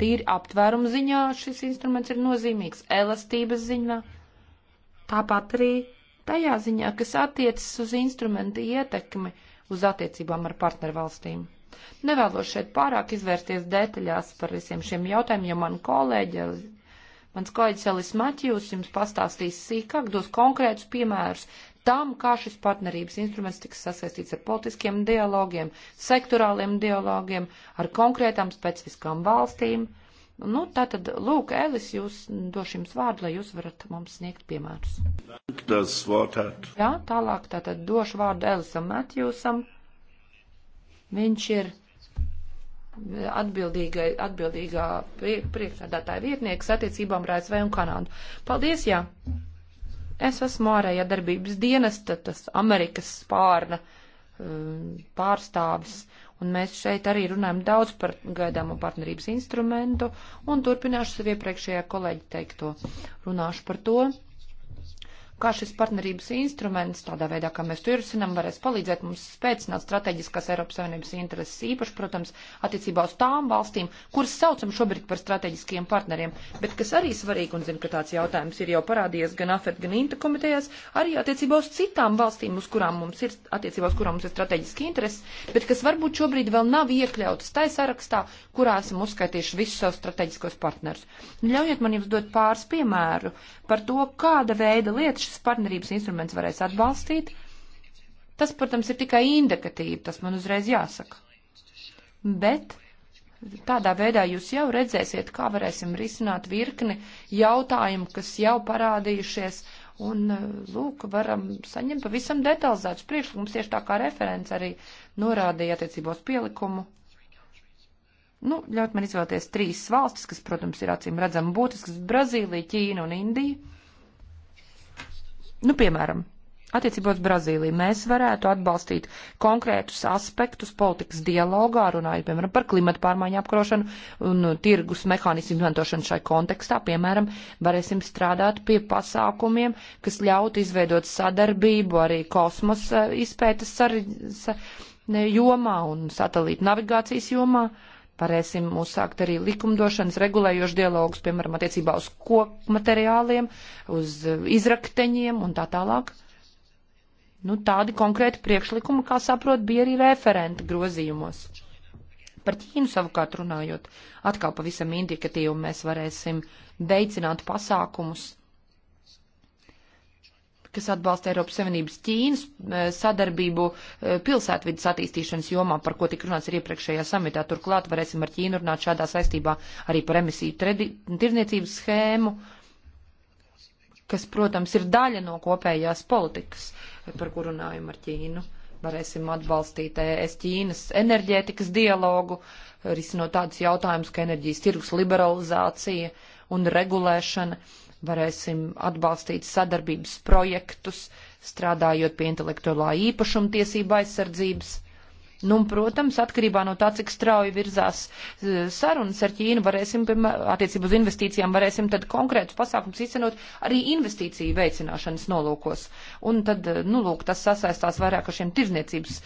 Tīri aptvērumu ziņā šis instruments ir nozīmīgs, elastības ziņā, tāpat arī tajā ziņā, kas attiecas uz instrumentu ietekmi uz attiecībām ar partnervalstīm. valstīm. Nevēlos šeit pārāk izvērsties detaļās par visiem šiem jautājumiem, jo man kolēģi, mans kolēģis Elis Matjūs jums pastāstīs sīkāk, dos konkrētus piemērus tam, kā šis partnerības instruments tiks sasaistīts ar politiskiem dialogiem, sektorāliem dialogiem, ar konkrētām specifiskām valstīm. Nu, tā tad, lūk, Elis, jūs došu jums vārdu, lai jūs varat mums sniegt piemērus. Jā, tālāk tātad došu vārdu Elisam Matjūsam. Viņš ir atbildīgā prie, priekšsādātāja vietnieks attiecībām ar ASV un Kanādu. Paldies, jā! Es esmu ārējā darbības dienesta, tas Amerikas spārna um, pārstāvis, un mēs šeit arī runājam daudz par gaidāmo partnerības instrumentu, un turpināšu sev iepriekšējā kolēģi teikto. Runāšu par to, kā šis partnerības instruments, tādā veidā, kā mēs to ierosinām, varēs palīdzēt mums spēcināt strateģiskās Eiropas Savienības intereses īpaši, protams, attiecībā uz tām valstīm, kuras saucam šobrīd par strateģiskiem partneriem, bet kas arī svarīgi, un zinu, ka tāds jautājums ir jau parādījies gan AFET, gan INTA komitejās, arī attiecībā uz citām valstīm, uz kurām mums ir, attiecībā uz kurām mums ir strateģiski intereses, bet kas varbūt šobrīd vēl nav iekļautas tai sarakstā, kurā esam uzskaitījuši visus savus strateģiskos partnerus. Ļaujiet man jums dot pāris piemēru par to, kāda veida lietas šis partnerības instruments varēs atbalstīt. Tas, protams, ir tikai indikatīvi, tas man uzreiz jāsaka. Bet tādā veidā jūs jau redzēsiet, kā varēsim risināt virkni jautājumu, kas jau parādījušies. Un, lūk, varam saņemt pavisam detalizētus priekšlikumus, tieši tā kā referents arī norādīja attiecībos pielikumu. Nu, ļaut man izvēlēties trīs valstis, kas, protams, ir acīm redzami būtiskas - Brazīlija, Ķīna un Indija Nu, piemēram, attiecībā uz Brazīliju mēs varētu atbalstīt konkrētus aspektus politikas dialogā, runājot, piemēram, par klimatu pārmaiņu apkarošanu un tirgus mehānismu izmantošanu šai kontekstā. Piemēram, varēsim strādāt pie pasākumiem, kas ļaut izveidot sadarbību arī kosmosa izpētes jomā un satelīta navigācijas jomā. Uh, Varēsim uzsākt arī likumdošanas regulējošu dialogus, piemēram, attiecībā uz kokmateriāliem, uz izrakteņiem un tā tālāk. Nu, tādi konkrēti priekšlikumi, kā saprot, bija arī referenta grozījumos. Par Ķīnu savukārt runājot, atkal pavisam indikatīvi mēs varēsim veicināt pasākumus kas atbalsta Eiropas Savienības Ķīnas eh, sadarbību eh, pilsētvidas attīstīšanas jomā, par ko tik runāts ir iepriekšējā samitā. Turklāt varēsim ar Ķīnu runāt šādā saistībā arī par emisiju tirdzniecības schēmu, kas, protams, ir daļa no kopējās politikas, par ko runājam ar Ķīnu. Varēsim atbalstīt ES Ķīnas enerģētikas dialogu, risinot tādus jautājumus, ka enerģijas tirgus liberalizācija un regulēšana. Uh, varēsim atbalstīt sadarbības projektus, strādājot pie intelektuālā īpašuma tiesība aizsardzības. Nu, un, protams, atkarībā no tā, cik strauji virzās e, sarunas ar Ķīnu, varēsim, attiecībā uz investīcijām, varēsim tad konkrētus pasākums izcenot arī investīciju veicināšanas nolūkos. Un tad, e, nu, lūk, tas sasaistās vairāk ar šiem tirzniecības e,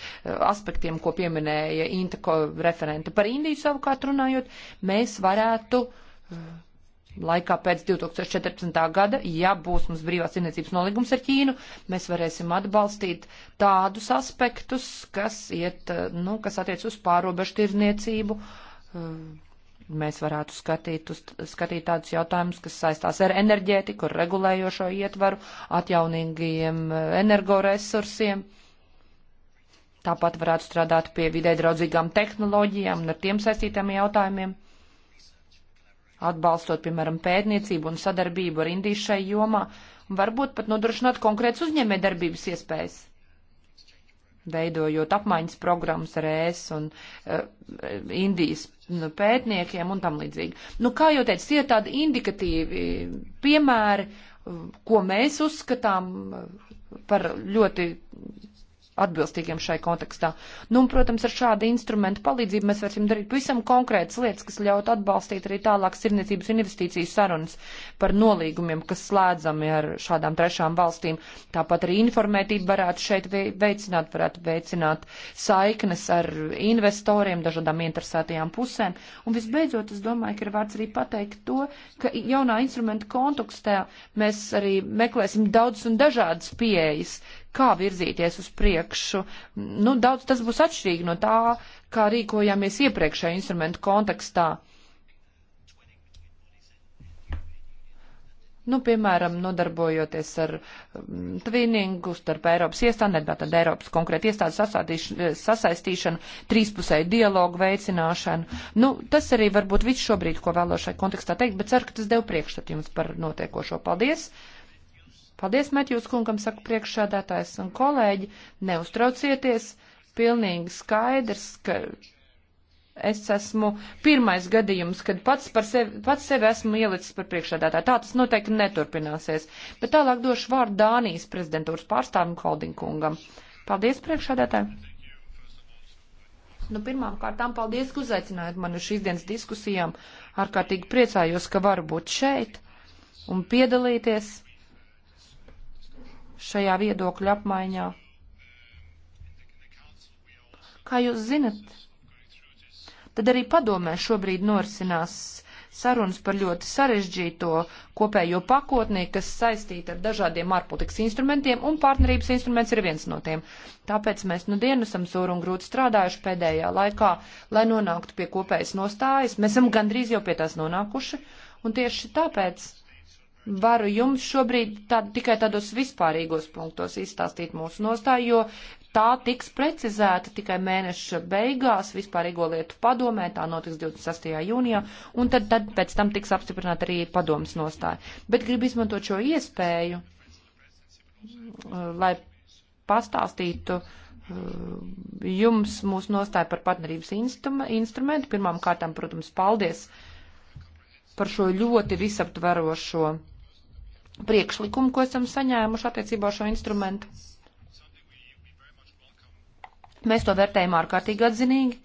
aspektiem, ko pieminēja Inteko referente. Par Indiju savukārt runājot, mēs varētu laikā pēc 2014. gada, ja būs mums brīvās tirniecības nolīgums ar Ķīnu, mēs varēsim atbalstīt tādus aspektus, kas, iet, eh, nu, kas attiec uz pārobežu tirniecību. Eh, mēs varētu skatīt, uz, skatīt tādus jautājumus, kas saistās ar enerģētiku, ar regulējošo ietvaru, atjaunīgiem eh, energoresursiem. Tāpat varētu strādāt pie vidē draudzīgām tehnoloģijām un ar tiem saistītām jautājumiem atbalstot, piemēram, pētniecību un sadarbību ar Indiju šai jomā, un varbūt pat nodrošināt konkrēts uzņēmē darbības iespējas, veidojot apmaiņas programmas ar ES un uh, Indijas nu, pētniekiem un tam līdzīgi. Nu, kā jau teicu, tie ir tādi indikatīvi piemēri, ko mēs uzskatām par ļoti atbilstīgiem šai kontekstā. Nu, un, protams, ar šādu instrumentu palīdzību mēs varēsim darīt visam konkrētas lietas, kas ļaut atbalstīt arī tālāk sirniecības investīciju sarunas par nolīgumiem, kas slēdzami ar šādām trešām valstīm. Tāpat arī informētību varētu šeit veicināt, varētu veicināt saiknes ar investoriem, dažādām interesētajām pusēm. Un visbeidzot, es domāju, ka ir vērts arī pateikt to, ka jaunā instrumenta kontekstā mēs arī meklēsim daudz un dažādas pieejas, kā virzīties uz priekšu. Nu, daudz tas būs atšķirīgi no tā, kā rīkojāmies iepriekšējā instrumentu kontekstā. Nu, piemēram, nodarbojoties ar mm, twinningu starp Eiropas iestādēm, tātad Eiropas konkrēti iestādes sasaistīšanu, trīspusēju dialogu veicināšanu. Nu, tas arī varbūt viss šobrīd, ko vēlos šai kontekstā teikt, bet ceru, ka tas dev priekšstat jums par notiekošo. Paldies! Paldies, Metjūs kungam, saka priekšsādātājs un kolēģi, neuztraucieties, pilnīgi skaidrs, ka es esmu pirmais gadījums, kad pats, par sevi, pats sevi esmu ielicis par priekšsādātāju. Tā tas noteikti neturpināsies. Bet tālāk došu vārdu Dānijas prezidentūras pārstāvim Holdingkungam. Paldies, priekšsādātāji! Nu, pirmām kārtām paldies, ka uzaicinājāt mani uz šīs dienas diskusijām. Ārkārtīgi priecājos, ka varu būt šeit un piedalīties šajā viedokļu apmaiņā. Kā jūs zinat, tad arī padomē šobrīd norisinās sarunas par ļoti sarežģīto kopējo pakotnī, kas saistīta ar dažādiem ārpolitikas instrumentiem, un partnerības instruments ir viens no tiem. Tāpēc mēs nu dienu esam sūri un grūti strādājuši pēdējā laikā, lai nonāktu pie kopējas nostājas. Mēs esam gandrīz jau pie tās nonākuši, un tieši tāpēc varu jums šobrīd tā, tikai tādos vispārīgos punktos izstāstīt mūsu nostāju, jo tā tiks precizēta tikai mēneša beigās vispārīgo lietu padomē, tā notiks 26. jūnijā, un tad, tad pēc tam tiks apstiprināta arī padomas nostāja. Bet gribu izmantot šo iespēju, uh, lai pastāstītu uh, jums mūsu nostāju par partnerības instrumentu. Pirmām kārtām, protams, paldies par šo ļoti visaptverošo priekšlikumu, ko esam saņēmuši attiecībā šo instrumentu. Mēs to vērtējam ārkārtīgi atzinīgi,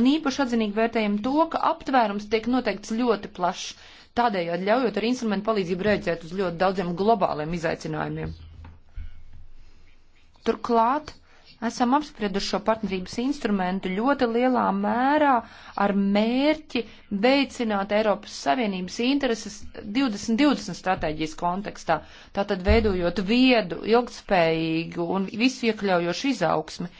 un īpaši atzinīgi vērtējam to, ka aptvērums tiek noteikts ļoti plašs, tādējādi ļaujot ar instrumentu palīdzību rēģēt uz ļoti daudziem globāliem izaicinājumiem. Turklāt Esam apsprieduši šo partnerības instrumentu ļoti lielā mērā ar mērķi veicināt Eiropas Savienības intereses 2020 stratēģijas kontekstā, tātad veidojot viedu, ilgspējīgu un visu iekļaujošu izaugsmi.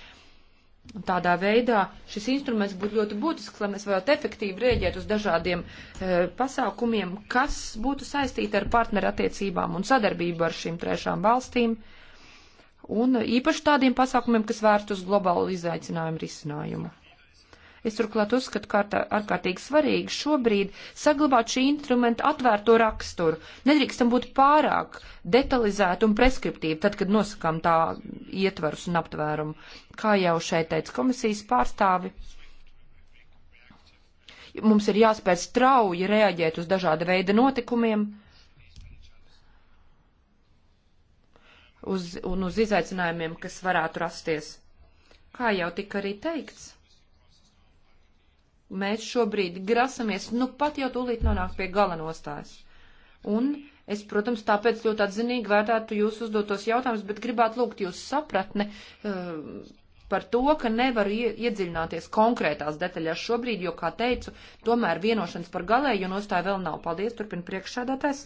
Tādā veidā šis instruments būtu ļoti būtisks, lai mēs varētu efektīvi rēģēt uz dažādiem e, pasākumiem, kas būtu saistīti ar partnerattiecībām un sadarbību ar šīm trešām valstīm. E, un īpaši tādiem pasākumiem, kas vērst uz globālu izaicinājumu risinājumu. Es turklāt uzskatu, ka ārkārtīgi svarīgi šobrīd saglabāt šī instrumenta atvērto raksturu. Nedrīkstam būt pārāk detalizēti un preskriptīvi, tad, kad nosakām tā ietvarus un aptvērumu, kā jau šeit teica komisijas pārstāvi. Mums ir jāspēj strauji reaģēt uz dažāda veida notikumiem uz, un uz izaicinājumiem, kas varētu rasties. Kā jau tika arī teikts, mēs šobrīd grasamies, nu pat jau tūlīt nonākt pie gala nostājas. Un Es, protams, tāpēc ļoti atzinīgi vērtētu jūs uzdotos jautājumus, bet gribētu lūgt jūs sapratni uh, par to, ka nevaru iedziļināties konkrētās detaļās šobrīd, jo, kā teicu, tomēr vienošanas par galēju nostāju vēl nav. Paldies, turpina priekšsēdētājs.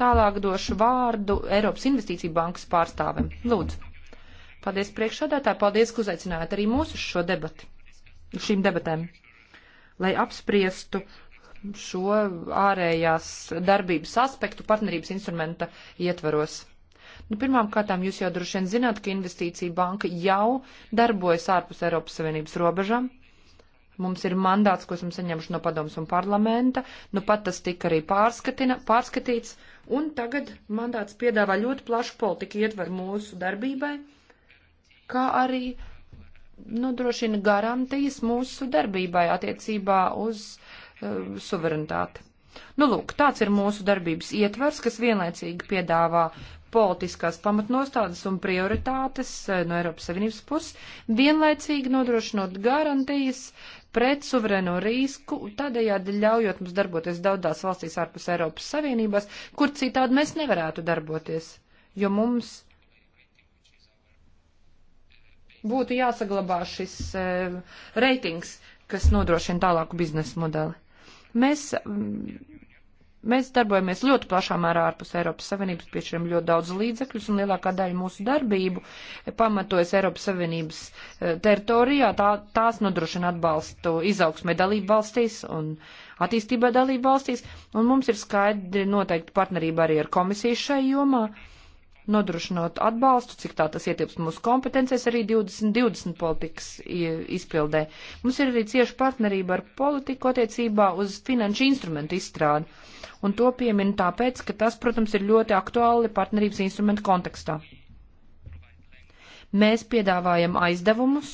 Tālāk došu vārdu Eiropas Investīcija bankas pārstāvim. Lūdzu. Paldies priekšādātā, paldies, ka uzaicinājāt arī mūs uz šo debati, uz šīm debatēm, lai apspriestu šo ārējās darbības aspektu partnerības instrumenta ietvaros. Nu, pirmām kārtām jūs jau droši vien zināt, ka investīcija banka jau darbojas ārpus Eiropas Savienības robežām. Mums ir mandāts, ko esam saņēmuši no padomus un parlamenta. Nu, pat tas tika arī pārskatīts, Un tagad mandāts piedāvā ļoti plašu politiku ietver mūsu darbībai, kā arī nodrošina garantijas mūsu darbībai attiecībā uz uh, suverenitāti. Nu, lūk, tāds ir mūsu darbības ietvers, kas vienlaicīgi piedāvā politiskās pamatnostādes un prioritātes eh, no Eiropas Savienības puses, vienlaicīgi nodrošinot garantijas pret suverēno risku, tādējādi ļaujot mums darboties daudzās valstīs ārpus Eiropas Savienības, kur citādi mēs nevarētu darboties, jo mums būtu jāsaglabā šis e, reitings, kas nodrošina tālāku biznesa modeli. Mēs m, Mēs darbojamies ļoti plašā mērā ārpus Eiropas Savienības, piešķiram ļoti daudz līdzekļus, un lielākā daļa mūsu darbību pamatojas Eiropas Savienības eh, teritorijā. Tā, tās nodrošina atbalstu izaugsmē dalību valstīs un attīstībā dalību valstīs, un mums ir skaidri noteikti partnerība arī ar komisiju šai jomā. Uh, nodrošinot atbalstu, cik tā tas ietilps mūsu kompetencijas, arī 2020 politikas izpildē. Mums ir arī cieša partnerība ar politiku attiecībā uz finanšu instrumentu izstrādi, un to pieminu tāpēc, ka tas, protams, ir ļoti aktuāli partnerības instrumentu kontekstā. Mēs piedāvājam aizdevumus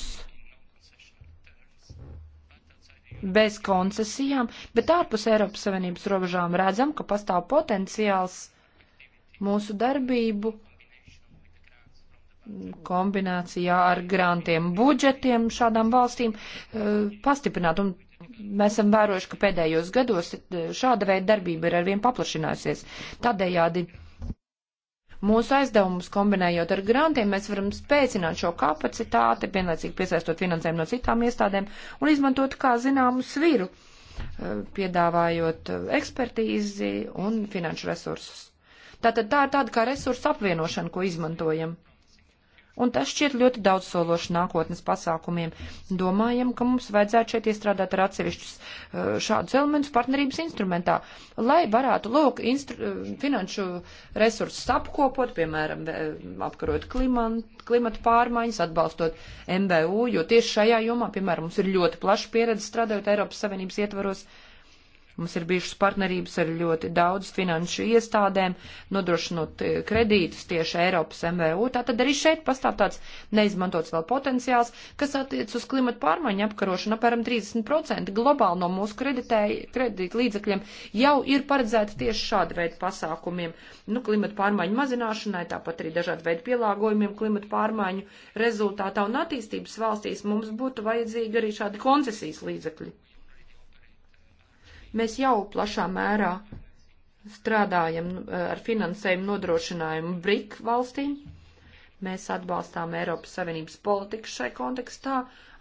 bez koncesijām, bet ārpus Eiropas Savienības robežām redzam, ka pastāv potenciāls mūsu darbību kombinācijā ar grantiem budžetiem šādām valstīm eh, pastiprināt. Un mēs esam vērojuši, ka pēdējos gados eh, šāda veida darbība ir arvien paplašinājusies. Tādējādi mūsu aizdevumus kombinējot ar grantiem, mēs varam spēcināt šo kapacitāti, vienlaicīgi piesaistot finansējumu no citām iestādēm un izmantot kā zināmu sviru, eh, piedāvājot ekspertīzi un finanšu resursus. Tātad tā ir tāda kā resursu apvienošana, ko izmantojam un tas šķiet ļoti daudzsološi nākotnes pasākumiem. Domājam, ka mums vajadzētu šeit iestrādāt ar atsevišķus uh, šādus elementus partnerības instrumentā, lai varētu, lūk, instru, uh, finanšu resursus apkopot, piemēram, apkarot klimatu, klimatu pārmaiņas, atbalstot MBU, jo tieši šajā jomā, piemēram, mums ir ļoti plaša pieredze strādājot Eiropas Savienības ietvaros. Uh, Mums ir bijušas partnerības ar ļoti daudz finanšu iestādēm, nodrošinot eh, kredītus tieši Eiropas MVU. Tātad arī šeit pastāv tāds neizmantots vēl potenciāls, kas attiec uz klimatu pārmaiņu apkarošanu. Apmēram 30% globāli no mūsu kredīta līdzekļiem jau ir paredzēta tieši šāda veida pasākumiem. Nu, klimatu pārmaiņu mazināšanai, tāpat arī dažādu veidu pielāgojumiem klimatu pārmaiņu rezultātā un attīstības valstīs mums būtu vajadzīgi arī šādi koncesijas līdzekļi. Mēs jau plašā mērā strādājam eh, ar finansējumu nodrošinājumu BRIK valstīm. Mēs atbalstām Eiropas Savienības politiku šai kontekstā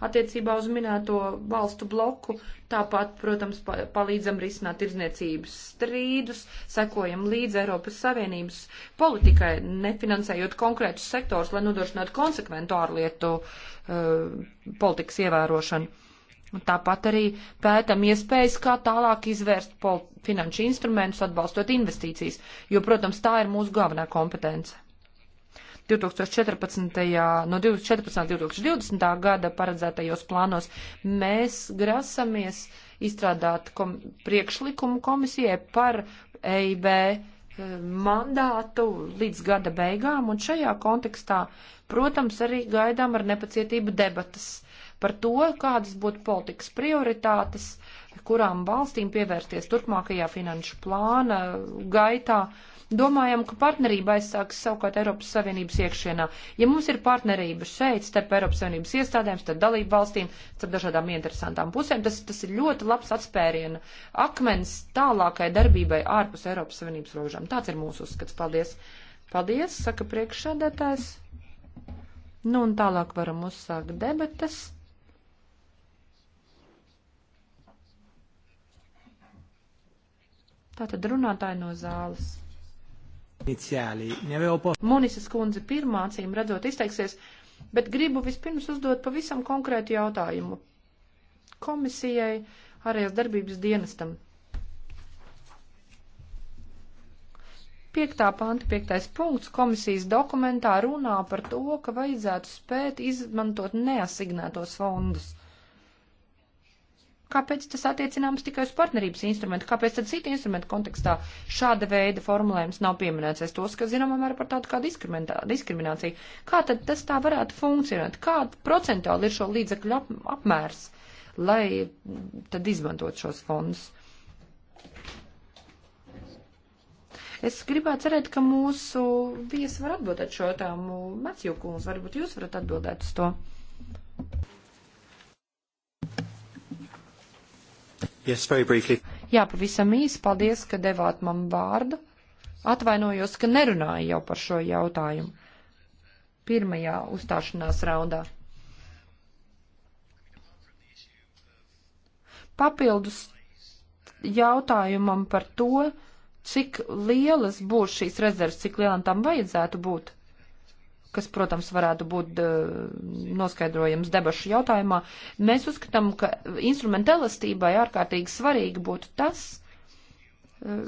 attiecībā uz minēto valstu bloku. Tāpat, protams, palīdzam risināt tirzniecības strīdus, sekojam līdz Eiropas Savienības politikai, nefinansējot konkrētus sektors, lai nodrošinātu konsekventu ārlietu uh, politikas ievērošanu. Tāpat arī pētam iespējas, kā tālāk izvērst finanšu instrumentus, atbalstot investīcijas, jo, protams, tā ir mūsu galvenā kompetence. 2014. no 2014. līdz 2020. gada paredzētajos plānos mēs grasamies izstrādāt kom priekšlikumu komisijai par EIB eh, mandātu līdz gada beigām, un šajā kontekstā, protams, arī gaidām ar nepacietību debatas par to, kādas būtu politikas prioritātes, kurām valstīm pievērsties turpmākajā finanšu plāna gaitā. Domājam, ka partnerība aizsāks savukārt Eiropas Savienības iekšienā. Ja mums ir partnerība šeit, starp Eiropas Savienības iestādēm, starp dalību valstīm, starp dažādām interesantām pusēm, tas, tas ir ļoti labs atspēriena akmens tālākai darbībai ārpus Eiropas Savienības robežām. Tāds ir mūsu uzskats. Paldies! Paldies, saka priekšsēdētājs. Nu un tālāk varam uzsākt debetas. Tātad runātāji no zāles. Iniciāli. Munisas kundze pirmā acīm redzot izteiksies, bet gribu vispirms uzdot pavisam konkrētu jautājumu. Komisijai, ārējās darbības dienestam. Piektā panta piektais punkts komisijas dokumentā runā par to, ka vajadzētu spēt izmantot neasignētos fondus kāpēc tas attiecināms tikai uz partnerības instrumentu, kāpēc tad cita instrumenta kontekstā šāda veida formulējums nav pieminēts. Es tos, ka zinām, mēr par tādu kā diskrimināciju. Kā tad tas tā varētu funkcionēt? Kāda procentuāli ir šo līdzekļu ap, apmērs, lai mm, tad izmantot šos fondus? Es gribētu cerēt, ka mūsu viesi var atbildēt šo jautājumu. Matsjūkums, varbūt jūs varat atbildēt uz to. Yes, very briefly. Jā, pavisam īsi paldies, ka devāt man vārdu. Atvainojos, ka nerunāju jau par šo jautājumu pirmajā uzstāšanās raundā. Papildus jautājumam par to, cik lielas būs šīs rezerves, cik lielām tam vajadzētu būt kas, protams, varētu būt eh, noskaidrojams debašu jautājumā, mēs uzskatām, ka instrumenta elastībai ārkārtīgi svarīgi būtu tas, eh,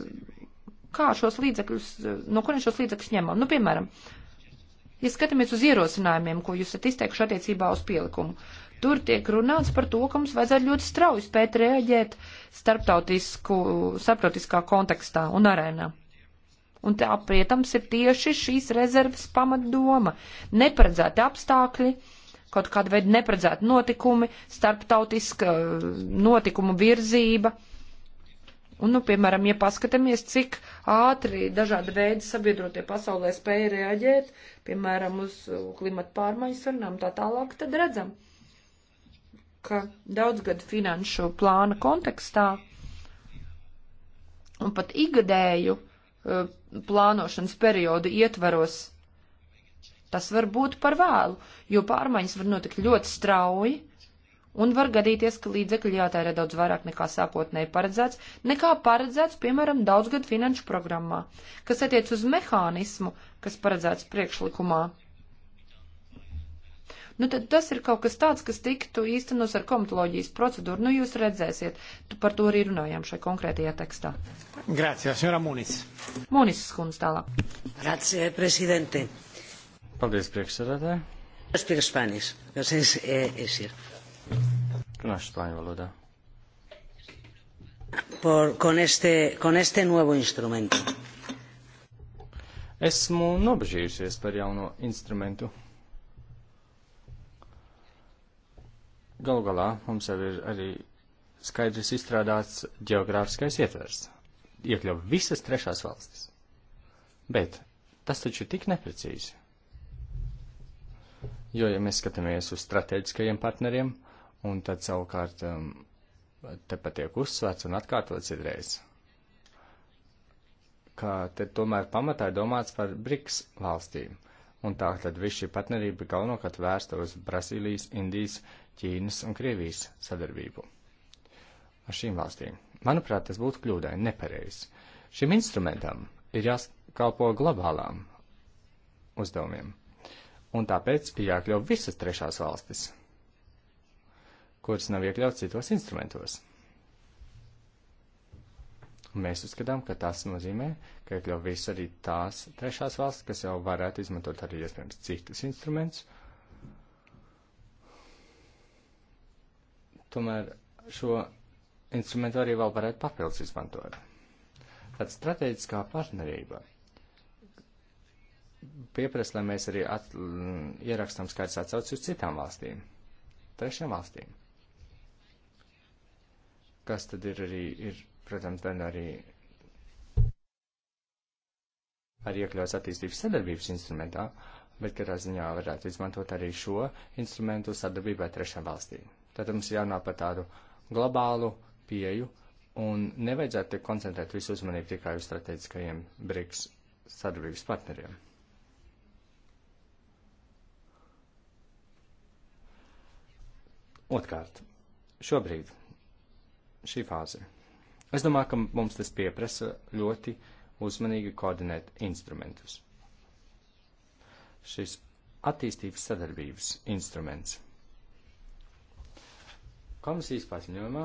kā šos līdzekļus, eh, no kuriem šos līdzekļus ņemam. Nu, piemēram, ja skatāmies uz ierosinājumiem, ko jūs esat izteikuši attiecībā uz pielikumu, tur tiek runāts par to, ka mums vajadzētu ļoti strauji spēt reaģēt starptautiskā kontekstā un arēnā. Un tā, prietams, ir tieši šīs rezerves pamatdoma - neparedzēti apstākļi, kaut kāda veida neparedzēti notikumi, starptautiska eh, notikumu virzība. Un, nu, piemēram, ja paskatāmies, cik ātri dažādi veidi sabiedrotie pasaulē spēja reaģēt, piemēram, uz eh, klimata pārmaiņu sarunām tā tālāk, tad redzam, ka daudzgadu finanšu plāna kontekstā un pat igadēju uh, Eh, plānošanas periodu ietvaros. Tas var būt par vēlu, jo pārmaiņas var notikt ļoti strauji, un var gadīties, ka līdzekļi jātērē daudz vairāk nekā sākotnēji paredzēts, nekā paredzēts, piemēram, daudzgad finanšu programmā, kas attiec uz mehānismu, kas paredzēts priekšlikumā nu tad tas ir kaut kas tāds, kas tiktu īstenos ar komitoloģijas procedūru. Nu, jūs redzēsiet, tu par to arī runājām šai konkrētajā tekstā. Grācijā, senora Munis. Munis skundz tālāk. Grācijā, prezidente. Paldies, priekšsēdētāji. Es pieku spānis, kas es, es ir. Runāšu spāņu valodā. Por, con, este, con este nuevo instrumento. Esmu nobežījusies par jauno instrumentu. Galu galā mums jau ir arī skaidrs izstrādāts geogrāfiskais ietvers, iekļauj visas trešās valstis. Bet tas taču ir tik neprecīzi. Jo, ja mēs skatāmies uz strateģiskajiem partneriem, un tad savukārt um, te patiek uzsvērts un atkārtots citreiz, ka te tomēr pamatā ir domāts par BRICS valstīm, un tā tad viss šī partnerība galvenokārt vērsta uz Brazīlijas, Indijas, Ķīnas un Krievijas sadarbību ar šīm valstīm. Manuprāt, tas būtu kļūdai, nepareizi. Šim instrumentam ir jākalpo globālām uzdevumiem, un tāpēc ir jākļauj visas trešās valstis, kuras nav iekļauts citos instrumentos. Un mēs uzskatām, ka tas nozīmē, ka iekļauj visu arī tās trešās valsts, kas jau varētu izmantot arī iespējams citus instrumentus tomēr šo instrumentu arī vēl varētu papildus izmantot. Tāda strateģiskā partnerība pieprasa, lai mēs arī at, mm, ierakstam skaidrs atsauci uz citām valstīm, trešām valstīm. Kas tad ir arī, ir, protams, daļa arī arī iekļauts attīstības sadarbības instrumentā, bet katrā ziņā varētu izmantot arī šo instrumentu sadarbībai trešām valstīm. Tātad mums jārunā par tādu globālu pieju un nevajadzētu tik koncentrēt visu uzmanību tikai uz strateģiskajiem BRICS sadarbības partneriem. Otkārt, šobrīd šī fāze. Es domāju, ka mums tas pieprasa ļoti uzmanīgi koordinēt instrumentus. Šis attīstības sadarbības instruments Komisijas paziņojumā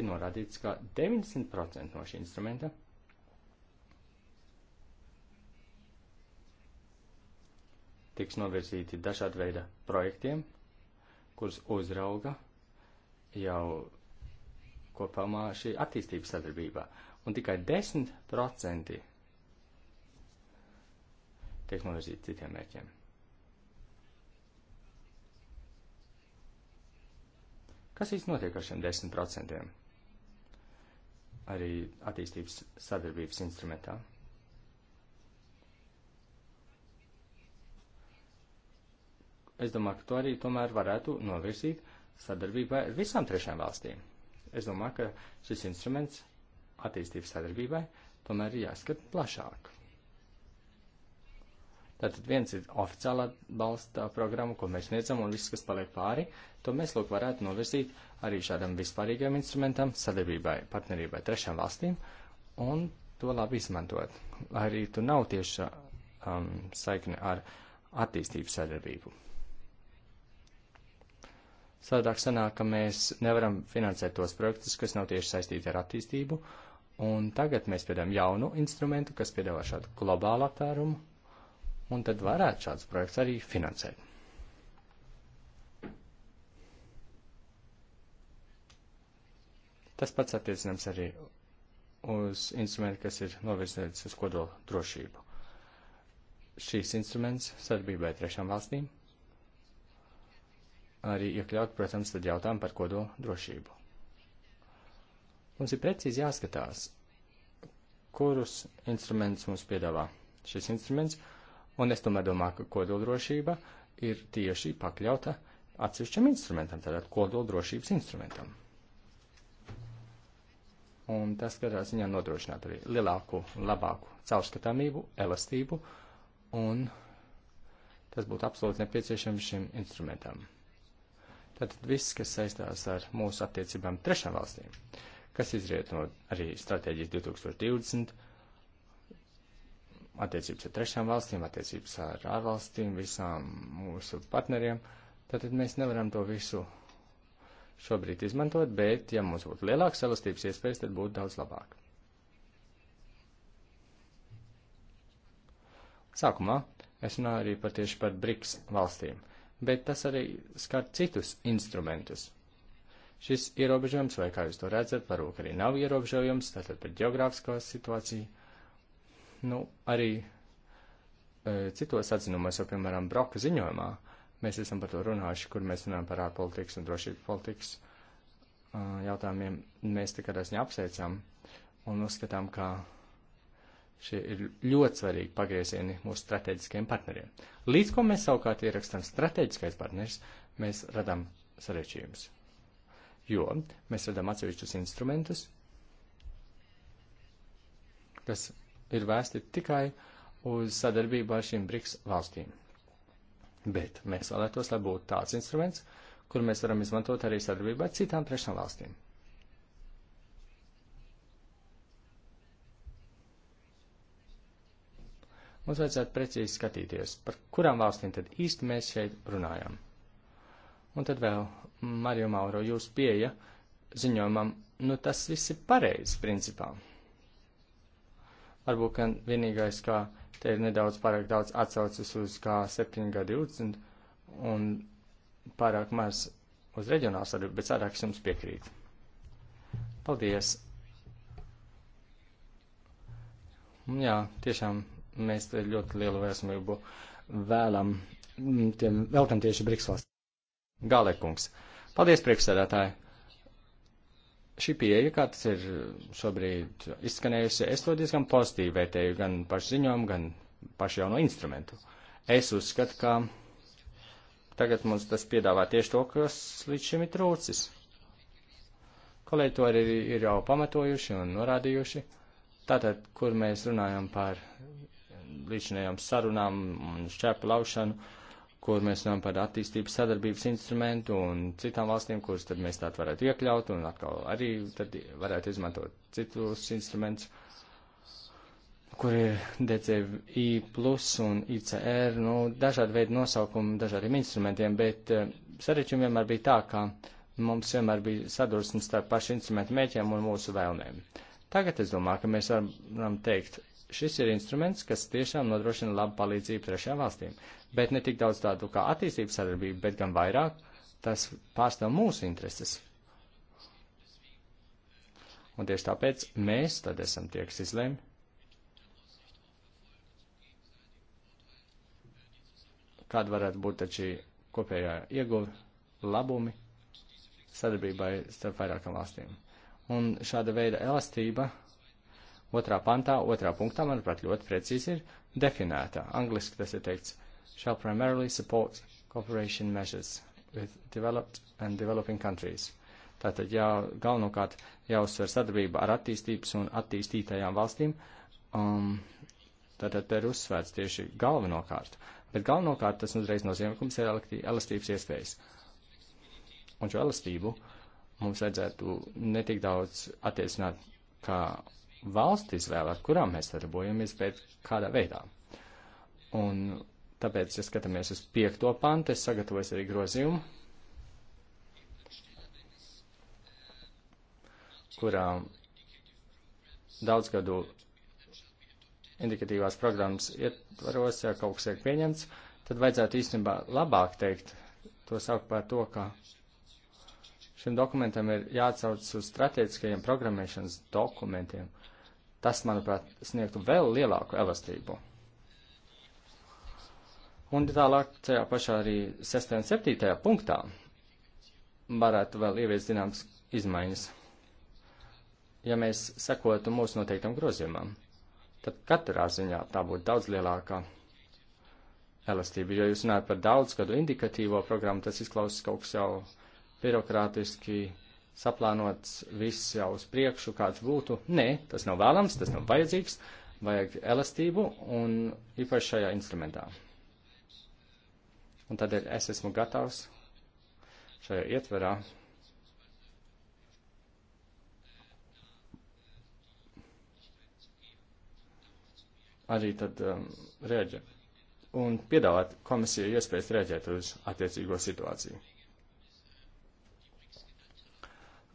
ir norādīts, ka 90% no šī instrumenta tiks novirzīti dažāda veida projektiem, kurus uzrauga jau kopumā šī attīstības sadarbībā. Un tikai 10% tiek novirzīti citiem mērķiem. Kas īsti notiek ar šiem 10% arī attīstības sadarbības instrumentā? Es domāju, ka to arī tomēr varētu novirzīt sadarbībai ar visām trešām valstīm. Es domāju, ka šis instruments attīstības sadarbībai tomēr ir jāskat plašāk. Tātad viens ir oficiālā balsta programma, ko mēs sniedzam, un viss, kas paliek pāri, to mēs lūk varētu novirzīt arī šādam vispārīgam instrumentam, sadarbībai, partnerībai trešām valstīm, un to labi izmantot. Arī tu nav tieši um, saikne ar attīstības sadarbību. Sādāk sanāk, ka mēs nevaram finansēt tos projektus, kas nav tieši saistīti ar attīstību, un tagad mēs piedāvājam jaunu instrumentu, kas piedāvā šādu globālu aptvērumu, un tad varētu šāds projekts arī finansēt. Tas pats attiecinams arī uz instrumentu, kas ir novirzīts uz kodola drošību. Šīs instruments sadarbībai trešām valstīm arī iekļaut, protams, tad jautājumu par kodola drošību. Mums ir precīzi jāskatās, kurus instrumentus mums piedāvā šis instruments Un es tomēr domāju, ka kodoldrošība ir tieši pakļauta atsevišķam instrumentam, tātad kodoldrošības instrumentam. Un tas, kādā ziņā nodrošināt arī lielāku, labāku caurskatāmību, elastību, un tas būtu absolūti nepieciešams šim instrumentam. Tātad viss, kas saistās ar mūsu attiecībām trešām valstīm, kas izriet no arī stratēģijas 2020, attiecības ar trešām valstīm, attiecības ar ārvalstīm, visām mūsu partneriem. Tātad mēs nevaram to visu šobrīd izmantot, bet, ja mums būtu lielāks elastības iespējas, tad būtu daudz labāk. Sākumā es runāju arī par tieši par BRICS valstīm, bet tas arī skar citus instrumentus. Šis ierobežojums, vai kā jūs to redzat, varbūt arī nav ierobežojums, tātad par geogrāfisko situāciju Nu, arī e, citos atzinumos, jau piemēram Broka ziņojumā, mēs esam par to runājuši, kur mēs runājam par ārpolitikas un drošības politikas e, jautājumiem. Mēs tikai tas neapsveicam un uzskatām, ka šie ir ļoti svarīgi pagriezieni mūsu strateģiskajiem partneriem. Līdz ko mēs savukārt ierakstam strateģiskais partners, mēs radām sarežģījumus. Jo mēs radām atsevišķus instrumentus, kas ir vēsti tikai uz sadarbību ar šīm BRICS valstīm. Bet mēs vēlētos, lai būtu tāds instruments, kur mēs varam izmantot arī sadarbību ar citām trešām valstīm. Mums vajadzētu precīzi skatīties, par kurām valstīm tad īsti mēs šeit runājam. Un tad vēl, Mario Mauro, jūs pieeja ziņojumam, nu tas viss ir pareizi principā. Varbūt, ka vienīgais, kā te ir nedaudz pārāk daudz atsaucas uz K7, G20 un pārāk maz uz reģionālu sadarbību, bet sādāk es jums piekrītu. Paldies! Jā, tiešām mēs ļoti lielu vēsmību vēlam, tiem, veltam tieši Brikslas. Galekungs. Paldies, priekšsēdētāji! šī pieeja, kā tas ir šobrīd izskanējusi, es to diezgan pozitīvi vērtēju gan pašu ziņojumu, gan pašu jauno instrumentu. Es uzskatu, ka tagad mums tas piedāvā tieši to, kas līdz šim ir trūcis. Kolēģi to arī ir jau pamatojuši un norādījuši. Tātad, kur mēs runājam par līdzinējām sarunām un šķēpu laušanu, kur mēs runājam par attīstības sadarbības instrumentu un citām valstīm, kuras tad mēs tātad varētu iekļaut un atkal arī tad varētu izmantot citus instrumentus, kur ir DCI plus un ICR, nu, dažādi veidi nosaukumi dažādiem instrumentiem, bet eh, sarežģījumi vienmēr bija tā, ka mums vienmēr bija sadursmes starp pašu instrumentu mēķiem un mūsu vēlmēm. Tagad es domāju, ka mēs varam teikt, šis ir instruments, kas tiešām nodrošina labu palīdzību trešajām valstīm bet ne tik daudz tādu kā attīstības sadarbību, bet gan vairāk tas pārstāv mūsu intereses. Un tieši tāpēc mēs tad esam tie, kas izlēma. Kāda varētu būt taču kopējā ieguva labumi sadarbībai starp vairākām valstīm. Un šāda veida elastība otrā pantā, otrā punktā, manuprāt, ļoti precīzi ir definēta. Angliski tas ir teikts shall primarily support cooperation measures with developed and developing countries. Tātad jā, galvenokārt jāuzsver sadarbība ar attīstības un attīstītajām valstīm. Um, tātad te ir uzsvērts tieši galvenokārt. Bet galvenokārt tas uzreiz nozīmē, ka mums ir elastības iespējas. Un šo elastību mums vajadzētu netik daudz attiecināt, kā valsts izvēle, ar kurām mēs sadarbojamies, bet kādā veidā. Un Tāpēc, ja skatāmies uz piekto pantu, es sagatavoju arī grozījumu, kurā daudzgadu indikatīvās programmas ietvaros, ja kaut kas tiek pieņemts, tad vajadzētu īstenībā labāk teikt to saukt par to, ka šim dokumentam ir jāatsauc uz strateģiskajiem programmēšanas dokumentiem. Tas, manuprāt, sniegtu vēl lielāku elastību. Un tālāk tajā pašā arī 6. un 7. punktā varētu vēl ieviest zināmas izmaiņas. Ja mēs sekotu mūsu noteiktam grozījumam, tad katrā ziņā tā būtu daudz lielākā elastība. Jo jūs runājat par daudz gadu indikatīvo programmu, tas izklausās kaut kas jau birokrātiski saplānots, viss jau uz priekšu, kāds būtu. Nē, tas nav vēlams, tas nav vajadzīgs, vajag elastību un īpaši šajā instrumentā. Un tādēļ es esmu gatavs šajā ietverā arī tad um, rēģēt un piedāvāt komisijai iespējas rēģēt uz attiecīgo situāciju.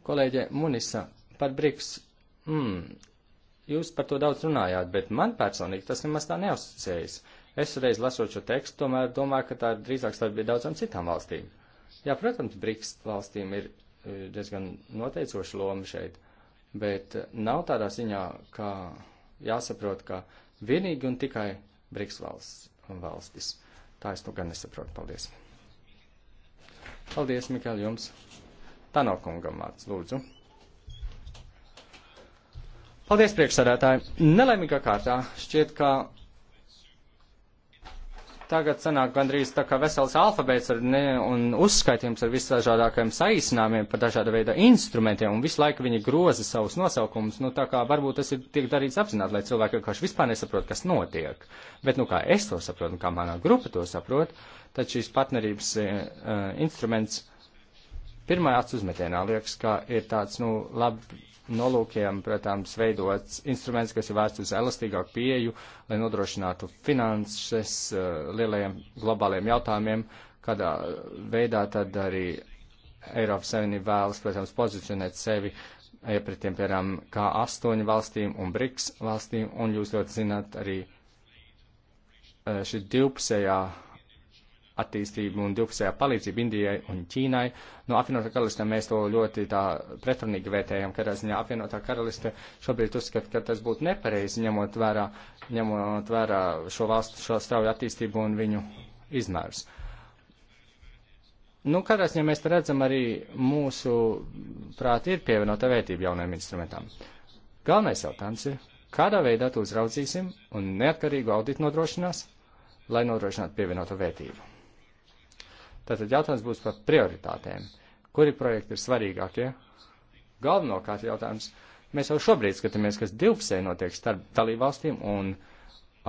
Kolēģe Munisa par BRICS. Mm, jūs par to daudz runājāt, bet man personīgi tas nemaz tā neuzticējas. Uh, Es reiz lasot šo tekstu, tomēr domāju, ka tā ir drīzāk starpība daudzām citām valstīm. Jā, protams, BRICS valstīm ir e, diezgan noteicoša loma šeit, bet nav tādā ziņā, ka jāsaprot, ka vienīgi un tikai BRICS valsts, valstis. Tā es to gan nesaprotu. Paldies. Paldies, Mikēl, jums. Tanokungam vārds, lūdzu. Paldies, priekšsarētāji. Nelaimīgā kārtā šķiet, ka tagad sanāk gandrīz tā kā vesels alfabēts ar ne, un uzskaitījums ar visdažādākajiem saīsinājumiem par dažāda veida instrumentiem, un visu laiku viņi groza savus nosaukumus. Nu, tā kā varbūt tas ir tiek darīts apzināti, lai cilvēki vienkārši vispār nesaprot, kas notiek. Bet, nu, kā es to saprotu, un nu, kā manā grupa to saprot, tad šīs partnerības uh, instruments pirmajā acu uzmetienā liekas, ka ir tāds, nu, labi nolūkiem, protams, veidots instruments, kas ir vērsts uz elastīgāku pieju, lai nodrošinātu finanses eh, lielajiem globāliem jautājumiem, kādā veidā tad arī Eiropas Savienība vēlas, protams, pozicionēt sevi pret tiem, piemēram, kā astoņu valstīm un BRICS valstīm, un jūs ļoti zināt arī eh, šī divpusējā attīstību un divpusējā palīdzība Indijai un Ķīnai. No apvienotā karalistē mēs to ļoti tā pretrunīgi vērtējam, kādā ziņā apvienotā karaliste šobrīd uzskata, ka tas būtu nepareizi, ņemot vērā, ņemot vērā šo valstu, šo strauju attīstību un viņu izmērus. Nu, kādā ziņā mēs redzam arī mūsu prāti ir pievienota vērtība jaunajiem instrumentam. Galvenais jautājums ir, kādā veidā to uzraudzīsim un neatkarīgu auditu nodrošinās, lai nodrošinātu pievienoto vērtību. Tātad jautājums būs par prioritātēm. Kuri projekti ir svarīgākie? Ja? Galvenokārt jautājums. Mēs jau šobrīd skatāmies, kas divpusēji notiek starp dalībvalstīm un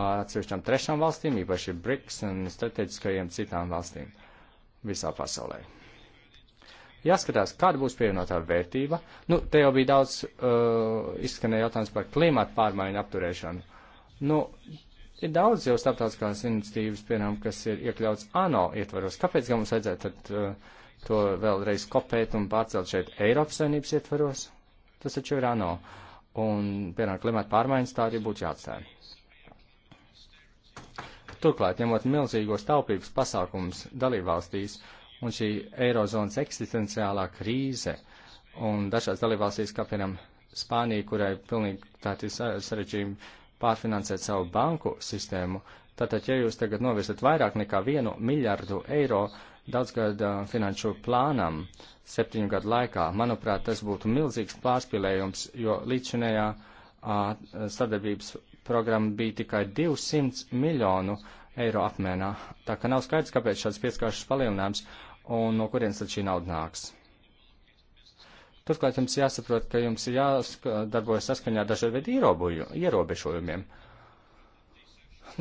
atsevišķām trešām valstīm, īpaši BRICS un strateģiskajiem citām valstīm visā pasaulē. Jāskatās, kāda būs pievienotā vērtība. Nu, te jau bija daudz uh, izskanēja jautājums par klimatu pārmaiņu apturēšanu. Nu, Ir daudz jau starptautiskās iniciatīvas, piemēram, kas ir iekļauts ANO ietvaros. Kāpēc gan mums vajadzētu tad, uh, to vēlreiz kopēt un pārcelt šeit Eiropas saimnības ietvaros? Tas taču ir ANO. Un, piemēram, klimata pārmaiņas tā arī būtu jāatstāj. Turklāt, ņemot milzīgos taupības pasākums dalībvalstīs un šī eirozonas eksistenciālā krīze un dažās dalībvalstīs, kā piemēram Spānija, kurai pilnīgi tādi sarežģījumi pārfinansēt savu banku sistēmu. Tātad, ja jūs tagad novirzat vairāk nekā vienu miljardu eiro daudzgada finanšu plānam septiņu gadu laikā, manuprāt, tas būtu milzīgs pārspīlējums, jo līdzinējā sadarbības programma bija tikai 200 miljonu eiro apmērā. Tā ka nav skaidrs, kāpēc šāds pieskāršas palielinājums un no kurienes tad šī nauda nāks. Turklāt jums jāsaprot, ka jums ir jādarbojas saskaņā dažādu ierobežojumiem.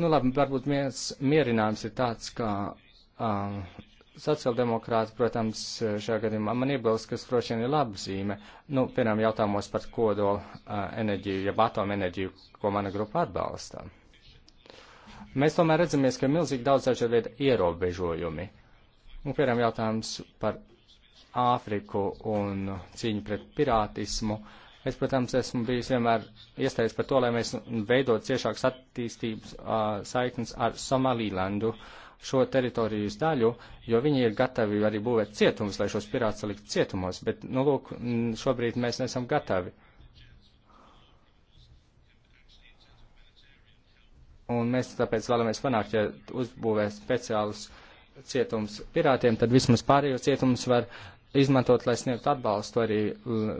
Nu labi, varbūt viens mierinājums ir tāds, ka um, sociāldemokrāti, protams, šajā gadījumā man iebilst, kas droši vien ir laba zīme. Nu, piemēram, jautājumos par kodola uh, enerģiju, jeb atomenerģiju, ko mana grupa atbalsta. Mēs tomēr redzamies, ka ir milzīgi daudz dažādu veidu ierobežojumi. Un, piemēram, jautājums par Āfriku un cīņu pret pirātismu. Es, protams, esmu bijis vienmēr iestājies par to, lai mēs veidot ciešākas attīstības uh, saiknes ar Somalīlandu šo teritorijas daļu, jo viņi ir gatavi arī būvēt cietumus, lai šos pirātus salikt cietumos, bet, nu, lūk, šobrīd mēs nesam gatavi. Un mēs tāpēc vēlamies panākt, ja uzbūvē speciālus cietums pirātiem, tad vismaz pārējos cietumus var izmantot, lai sniegtu atbalstu arī,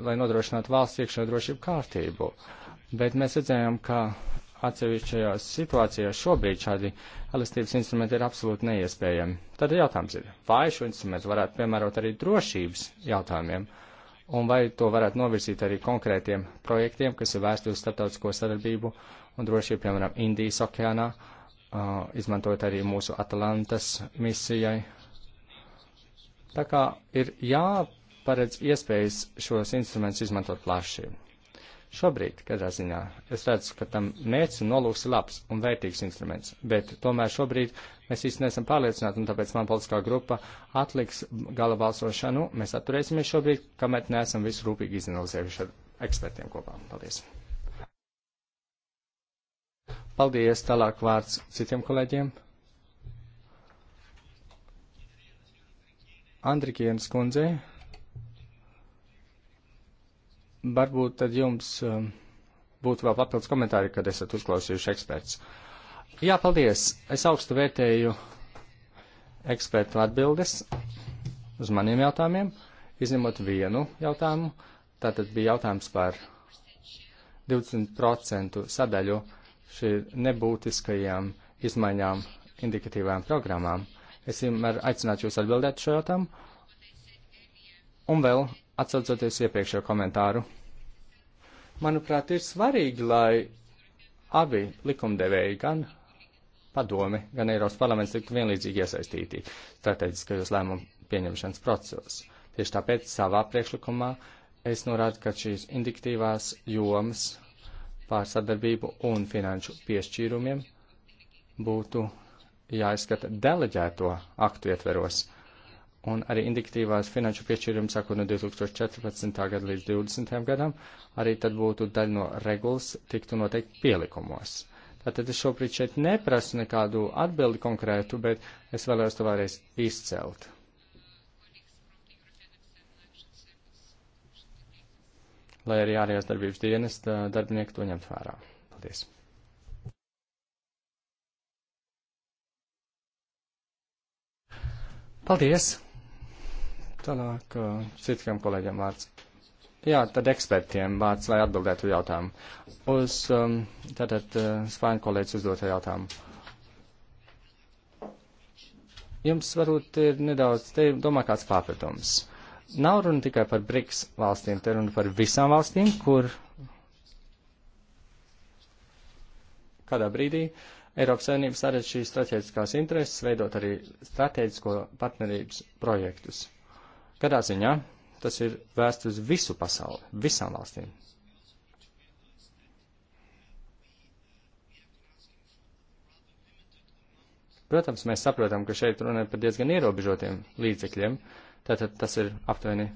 lai nodrošinātu valsts iekšējo drošību kārtību. Bet mēs redzējām, ka atsevišķajās situācijās šobrīd šādi elastības instrumenti ir absolūti neiespējami. Tad jautājums ir, vai šo instrumentu varētu piemērot arī drošības jautājumiem, un vai to varētu novirzīt arī konkrētiem projektiem, kas ir vērsti uz starptautisko sadarbību un drošību, piemēram, Indijas okeānā, uh, izmantojot arī mūsu Atlantas misijai Tā kā ir jāparedz iespējas šos instrumentus izmantot plaši. Šobrīd, kādā ziņā, es redzu, ka tam mērķis un nolūks ir labs un vērtīgs instruments, bet tomēr šobrīd mēs īsti neesam pārliecināti, un tāpēc man politiskā grupa atliks gala balsošanu. Mēs atturēsimies šobrīd, kamēr neesam visu rūpīgi izanalizējuši ar ekspertiem kopā. Paldies! Paldies! Tālāk vārds citiem kolēģiem. Andrikienas kundzei. Varbūt tad jums um, būtu vēl papildus komentāri, kad esat uzklausījuši eksperts. Jā, paldies. Es augstu vērtēju ekspertu atbildes uz maniem jautājumiem, izņemot vienu jautājumu. Tātad bija jautājums par 20% sadaļu šī nebūtiskajām izmaiņām indikatīvām programmām. Uh, Es vienmēr aicinātu jūs atbildēt šo jautājumu. Un vēl atsaucoties iepriekšējo komentāru. Manuprāt, ir svarīgi, lai abi likumdevēji, gan padome, gan Eiropas parlaments tiktu vienlīdzīgi iesaistīti strateģiskajos lēmumu pieņemšanas procesos. Tieši tāpēc savā priekšlikumā es norādu, ka šīs indiktīvās jomas pār sadarbību un finanšu piešķīrumiem būtu jāizskata deleģēto aktu ietveros, un arī indikatīvās finanšu piešķīrums sākot no 2014. gada līdz 2020. gadam, arī tad būtu daļa no regulas tiktu noteikti pielikumos. Tātad es šobrīd šeit neprasu nekādu atbildi konkrētu, bet es vēlējos to vēlreiz izcelt. Lai arī ārējās darbības dienas darbinieki to ņemt vērā. Paldies! Paldies! Tālāk, uh, citiem kolēģiem vārds. Jā, tad ekspertiem vārds, lai atbildētu jautājumu. Uz um, tātad uh, spāņu kolēģis uzdotā jautājumu. Jums varbūt ir nedaudz, te domā kāds pārpratums. Nav runa tikai par BRICS valstīm, te runa par visām valstīm, kur kādā brīdī uh, Eiropas Savienība saredz šīs strateģiskās intereses, veidot arī strateģisko partnerības projektus. Kādā ziņā tas ir vērsts uz visu pasauli, visām valstīm. Protams, mēs saprotam, ka šeit runa ir par diezgan ierobežotiem līdzekļiem, tātad tas ir aptuveni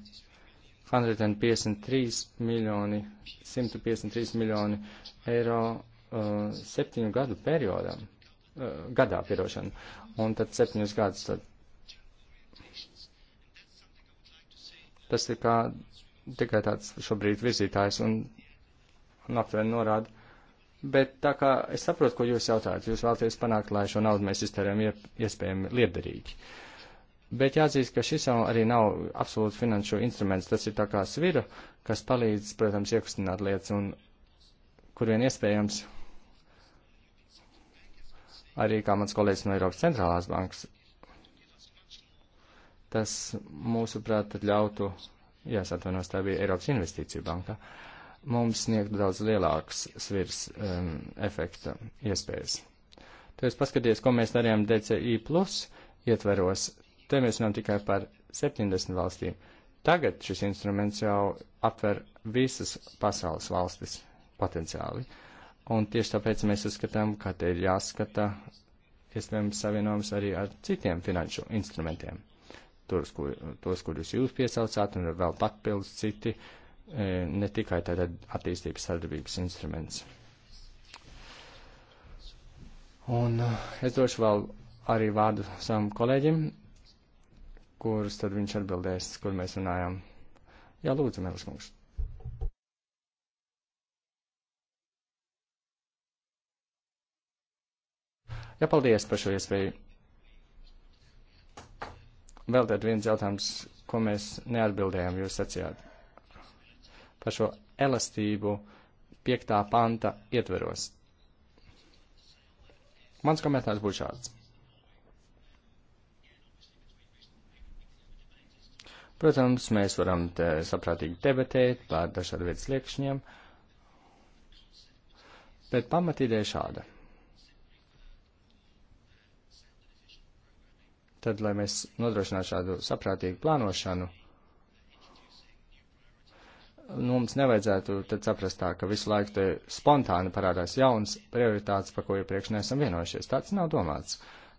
153 miljoni, 153 miljoni eiro uh, septiņu gadu periodam, uh, gadā, piedošana, un tad septiņus gadus tad. Tas ir kā tikai tāds šobrīd virzītājs un, un aptuveni norāda. Bet tā kā es saprotu, ko jūs jautājat, jūs vēlaties panākt, lai šo naudu mēs iztērējam iespējami liederīgi. Bet jāatzīst, ka šis jau arī nav absolūti finanšu instruments, tas ir tā kā svira, kas palīdz, protams, iekustināt lietas un kur vien iespējams arī kā mans kolēģis no Eiropas centrālās bankas. Tas, mūsuprāt, tad ļautu, jā, es atvainos, tā bija Eiropas investīciju banka, mums sniegtu daudz lielāks svirs um, efekta iespējas. Tu esi paskaties, ko mēs darījām DCI plus ietveros. Te mēs runājam tikai par 70 valstīm. Tagad šis instruments jau aptver visas pasaules valstis potenciāli. Uh, Un tieši tāpēc mēs uzskatām, ka te ir jāskata iespējams savienojums arī ar citiem finanšu instrumentiem. Tos, kur, tos kurus jūs piesaucāt, un vēl papildus citi, e, ne tikai tātad attīstības sadarbības instruments. Un e, es došu vēl arī vārdu savam kolēģim, kurus tad viņš atbildēs, kur mēs runājam. Jā, lūdzu, Mēlis kungs. Jā, paldies par šo iespēju. Vēl tad viens jautājums, ko mēs neatbildējām, jūs sacījāt par šo elastību piektā panta ietveros. Mans komentārs būs šāds. Protams, mēs varam te saprātīgi debatēt par dažādu vietas liekšņiem, bet pamatīdē šāda. Tad, lai mēs nodrošinātu šādu saprātīgu plānošanu, nu, mums nevajadzētu tad saprast tā, ka visu laiku te spontāni parādās jauns prioritātes, par ko iepriekš neesam vienojušies. Tāds nav domāts.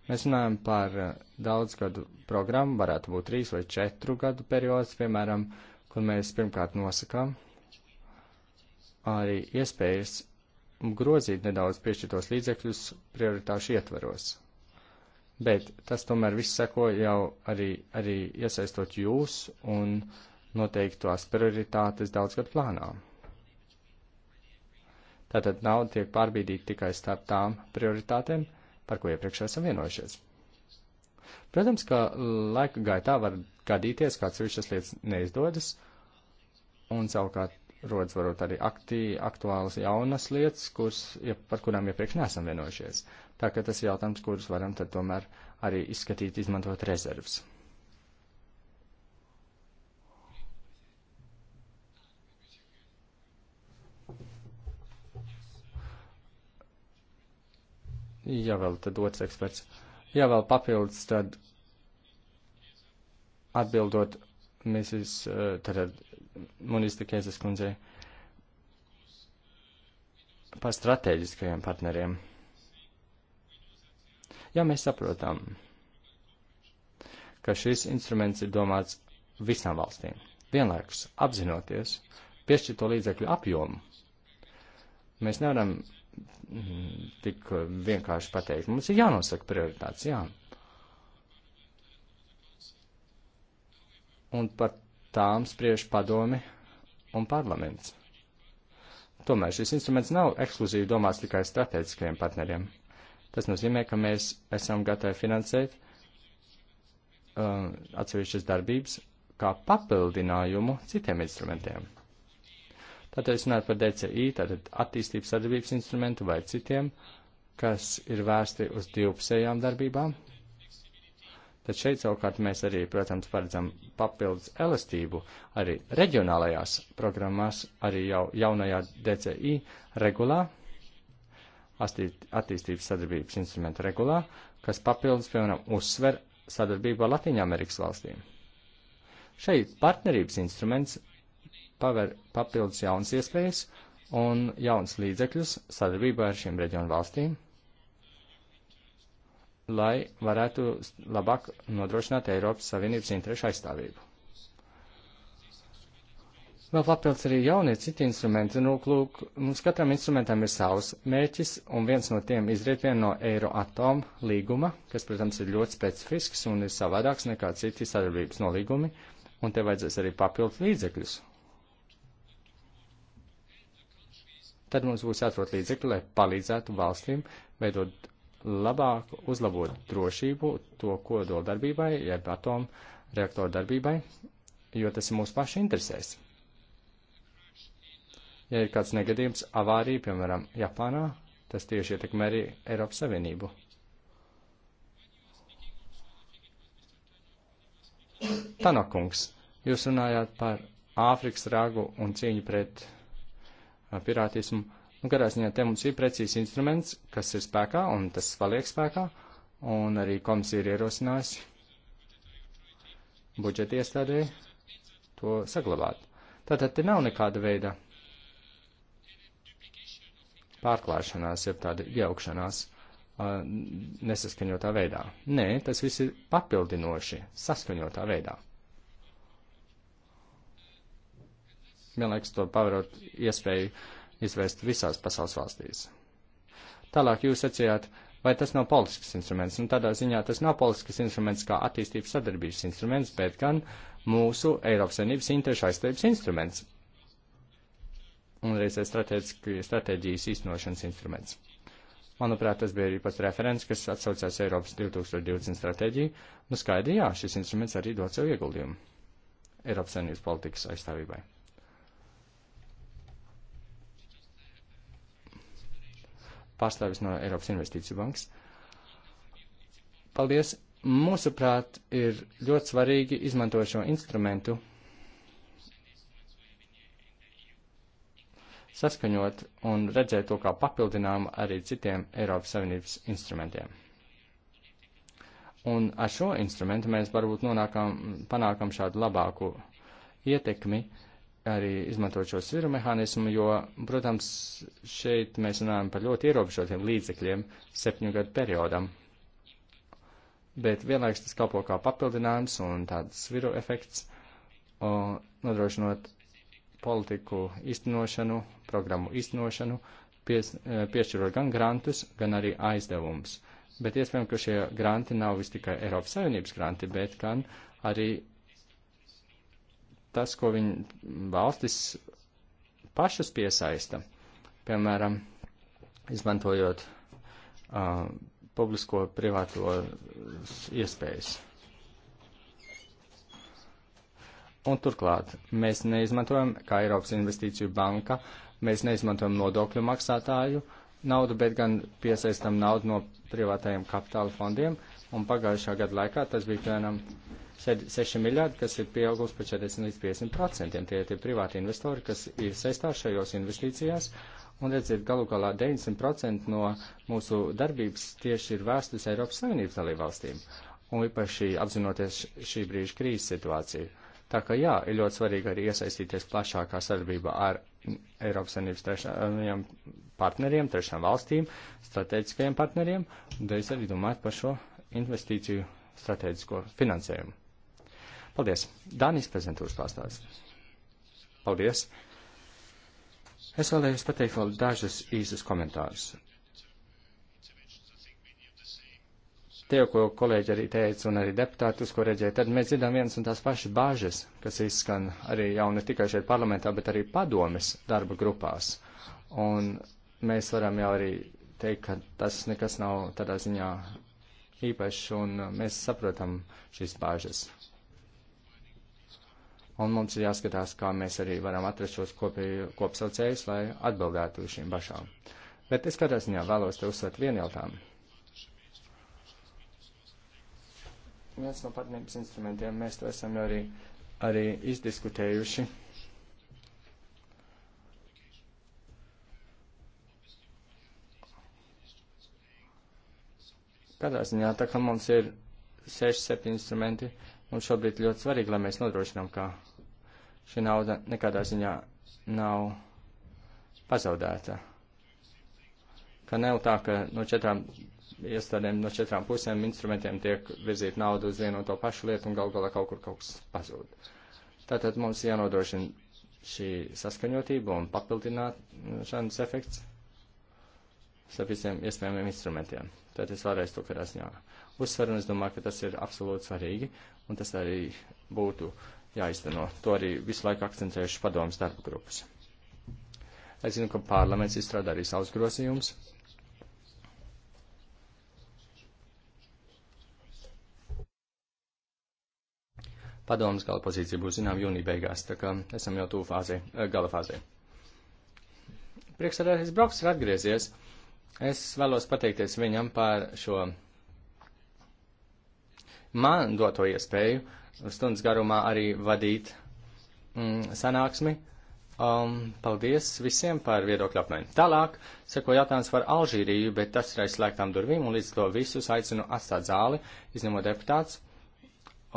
Mēs runājam par eh, daudzgadu programmu, varētu būt trīs vai četru gadu periods, piemēram, kur mēs pirmkārt nosakām arī iespējas grozīt nedaudz piešķirtos līdzekļus prioritāšu ietvaros bet tas tomēr viss seko jau arī, arī iesaistot jūs un noteikti tās prioritātes daudzgad plānā. Tātad nauda tiek pārbīdīta tikai starp tām prioritātēm, par ko iepriekš esam vienojušies. Protams, ka laika gaitā var gadīties, ka atsevišķas lietas neizdodas, un savukārt rodas varbūt arī aktī, aktuālas jaunas lietas, kurs, par kurām iepriekš nesam vienojušies. Tā ka tas ir jautājums, kurus varam tad tomēr arī izskatīt, izmantot rezervas. Jā, vēl tad otrs eksperts. Jā, vēl papildus tad atbildot Mrs. Eh, tātad Munista Kēzes kundzei par strateģiskajiem partneriem. Ja mēs saprotam, ka šis instruments ir domāts visām valstīm, vienlaikus apzinoties piešķirto līdzekļu apjomu, mēs nevaram mm, tik vienkārši pateikt. Mums ir jānosaka prioritātes, jā. Un par tām spriež padomi un parlaments. Tomēr šis instruments nav ekskluzīvi domāts tikai strateģiskiem partneriem. Tas nozīmē, ka mēs esam gatavi finansēt uh, atsevišķas darbības kā papildinājumu citiem instrumentiem. Tātad es runāju par DCI, tātad attīstības sadarbības instrumentu vai citiem, kas ir vērsti uz divpusējām darbībām. Tad šeit savukārt mēs arī, protams, paredzam papildus elastību arī reģionālajās programmās, arī jau jaunajā DCI regulā, attīstības sadarbības instrumenta regulā, kas papildus, piemēram, uzsver sadarbību ar Latīņamerikas valstīm. Šeit partnerības instruments paver papildus jaunas iespējas un jaunas līdzekļus sadarbībā ar šiem reģionu valstīm, lai varētu labāk nodrošināt Eiropas Savienības interešu aizstāvību. Vēl papildus arī jaunie citi instrumenti. Nu, lūk, mums katram instrumentam ir savs mērķis, un viens no tiem izriet vien no Eiroatom līguma, kas, protams, ir ļoti specifisks un ir savādāks nekā citi sadarbības nolīgumi, un te vajadzēs arī papildus līdzekļus. Tad mums būs jāatrod līdzekļi, lai palīdzētu valstīm veidot labāk, uzlabot drošību to kodoldarbībai, jeb atomu reaktoru darbībai, jo tas ir mūsu pašu interesēs ja ir kāds negadījums, avārija, piemēram, Japānā, tas tieši ietekmē arī Eiropas Savienību. Tanokungs, jūs runājāt par Āfrikas rāgu un cīņu pret uh, pirātismu. Nu, garā ziņā te mums ir precīzs instruments, kas ir spēkā un tas paliek spēkā, un arī komisija ir ierosinājusi budžeta iestādē to saglabāt. Tātad te nav nekāda veida pārklāšanās, jeb tāda iejaukšanās uh, nesaskaņotā veidā. Nē, tas viss ir papildinoši, saskaņotā veidā. Vienlaikus to pavarot iespēju izvērst visās pasaules valstīs. Tālāk jūs sacījāt, vai tas nav politisks instruments? Un nu, tādā ziņā tas nav politisks instruments kā attīstības sadarbības instruments, bet gan mūsu Eiropas Savienības interešu aizstāvības instruments un reizē stratēģijas īstenošanas instruments. Manuprāt, tas bija arī pats referents, kas atsaucās Eiropas 2020 stratēģiju. Nu skaidri, jā, šis instruments arī dod savu ieguldījumu Eiropas saimnības politikas aizstāvībai. Pārstāvis no Eiropas investīciju bankas. Paldies! Mūsuprāt, ir ļoti svarīgi izmantot šo instrumentu saskaņot un redzēt to kā papildinājumu arī citiem Eiropas Savienības instrumentiem. Un ar šo instrumentu mēs varbūt nonākam, panākam šādu labāku ietekmi, arī izmantojot šo sviru mehānismu, jo, protams, šeit mēs runājam par ļoti ierobežotiem līdzekļiem septiņu gadu periodam. Bet vienlaiks tas kalpo kā papildinājums un tāds sviru efekts, o, nodrošinot politiku īstenošanu, programmu īstenošanu, pies, e, piešķirot gan grantus, gan arī aizdevumus. Bet iespējams, ka šie granti nav vis tikai Eiropas Savienības granti, bet gan arī tas, ko viņi valstis pašas piesaista. Piemēram, izmantojot uh, publisko privāto iespējas. Un turklāt mēs neizmantojam, kā Eiropas investīciju banka, mēs neizmantojam nodokļu maksātāju naudu, bet gan piesaistam naudu no privātajiem kapitāla fondiem. Un pagājušā gada laikā tas bija piemēram 6 miljārdi, kas ir pieaugums par 40 līdz 50 procentiem. Tie ir tie privāti investori, kas iesaistās šajos investīcijās. Un redziet, galu galā 90% no mūsu darbības tieši ir vērstas Eiropas Savienības dalībvalstīm. Un īpaši apzinoties šī brīža krīzes situāciju. Tā ka jā, ir ļoti svarīgi arī iesaistīties plašākā sadarbībā ar Eiropas Savienības trešajiem partneriem, trešām valstīm, strateģiskajiem partneriem, un reiz arī domāt par šo investīciju strateģisko finansējumu. Paldies! Dānijas prezentūras pārstāvis. Paldies! Es vēlējos pateikt vēl dažus īsus komentārus. tie, ko kolēģi arī teica, un arī deputāti, uz ko reaģēja, tad mēs dzirdam viens un tās pašas bāžas, kas izskan arī jau ne tikai šeit parlamentā, bet arī padomes darba grupās. Un mēs varam jau arī teikt, ka tas nekas nav tādā ziņā īpašs, un mēs saprotam šīs bāžas. Un mums ir jāskatās, kā mēs arī varam atrast šos kopsaucējus, lai atbildētu uz šīm bažām. Bet es kādā ziņā vēlos te uzsvērt vienu jautājumu viens no partnerības instrumentiem. Mēs to esam arī, arī izdiskutējuši. Katrā ziņā, tā kā mums ir 6-7 instrumenti, mums šobrīd ļoti svarīgi, lai mēs nodrošinām, ka šī nauda nekādā ziņā nav pazaudēta. Ka nav tā, ka no četrām iestādēm no četrām pusēm instrumentiem tiek virzīt naudu uz vienu un to pašu lietu un gal galā kaut kur kaut kas pazūd. Tātad mums jānodrošina šī saskaņotība un papildināšanas efekts ar visiem iespējamiem instrumentiem. Tātad es vēlreiz to kādā ziņā uzsveru un es domāju, ka tas ir absolūti svarīgi un tas arī būtu jāizteno. To arī visu laiku akcentējuši padomas darba grupas. Es zinu, ka parlaments izstrādā arī savus grozījumus Padomas gala pozīcija būs zinām jūnija beigās, tā kā esam jau tuvu fāzē, eh, gala fāzē. Priekšsēdētājs Broks ir atgriezies. Es vēlos pateikties viņam par šo man doto iespēju stundas garumā arī vadīt mm, sanāksmi. Um, paldies visiem par viedokļu apmaiņu. Tālāk seko jautājums par Alžīriju, bet tas ir aizslēgtām durvīm un līdz to visus aicinu atstāt zāli, izņemot deputāts.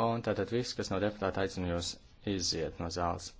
Un tātad viss, kas no deputāta aicinu jūs iziet no zāles.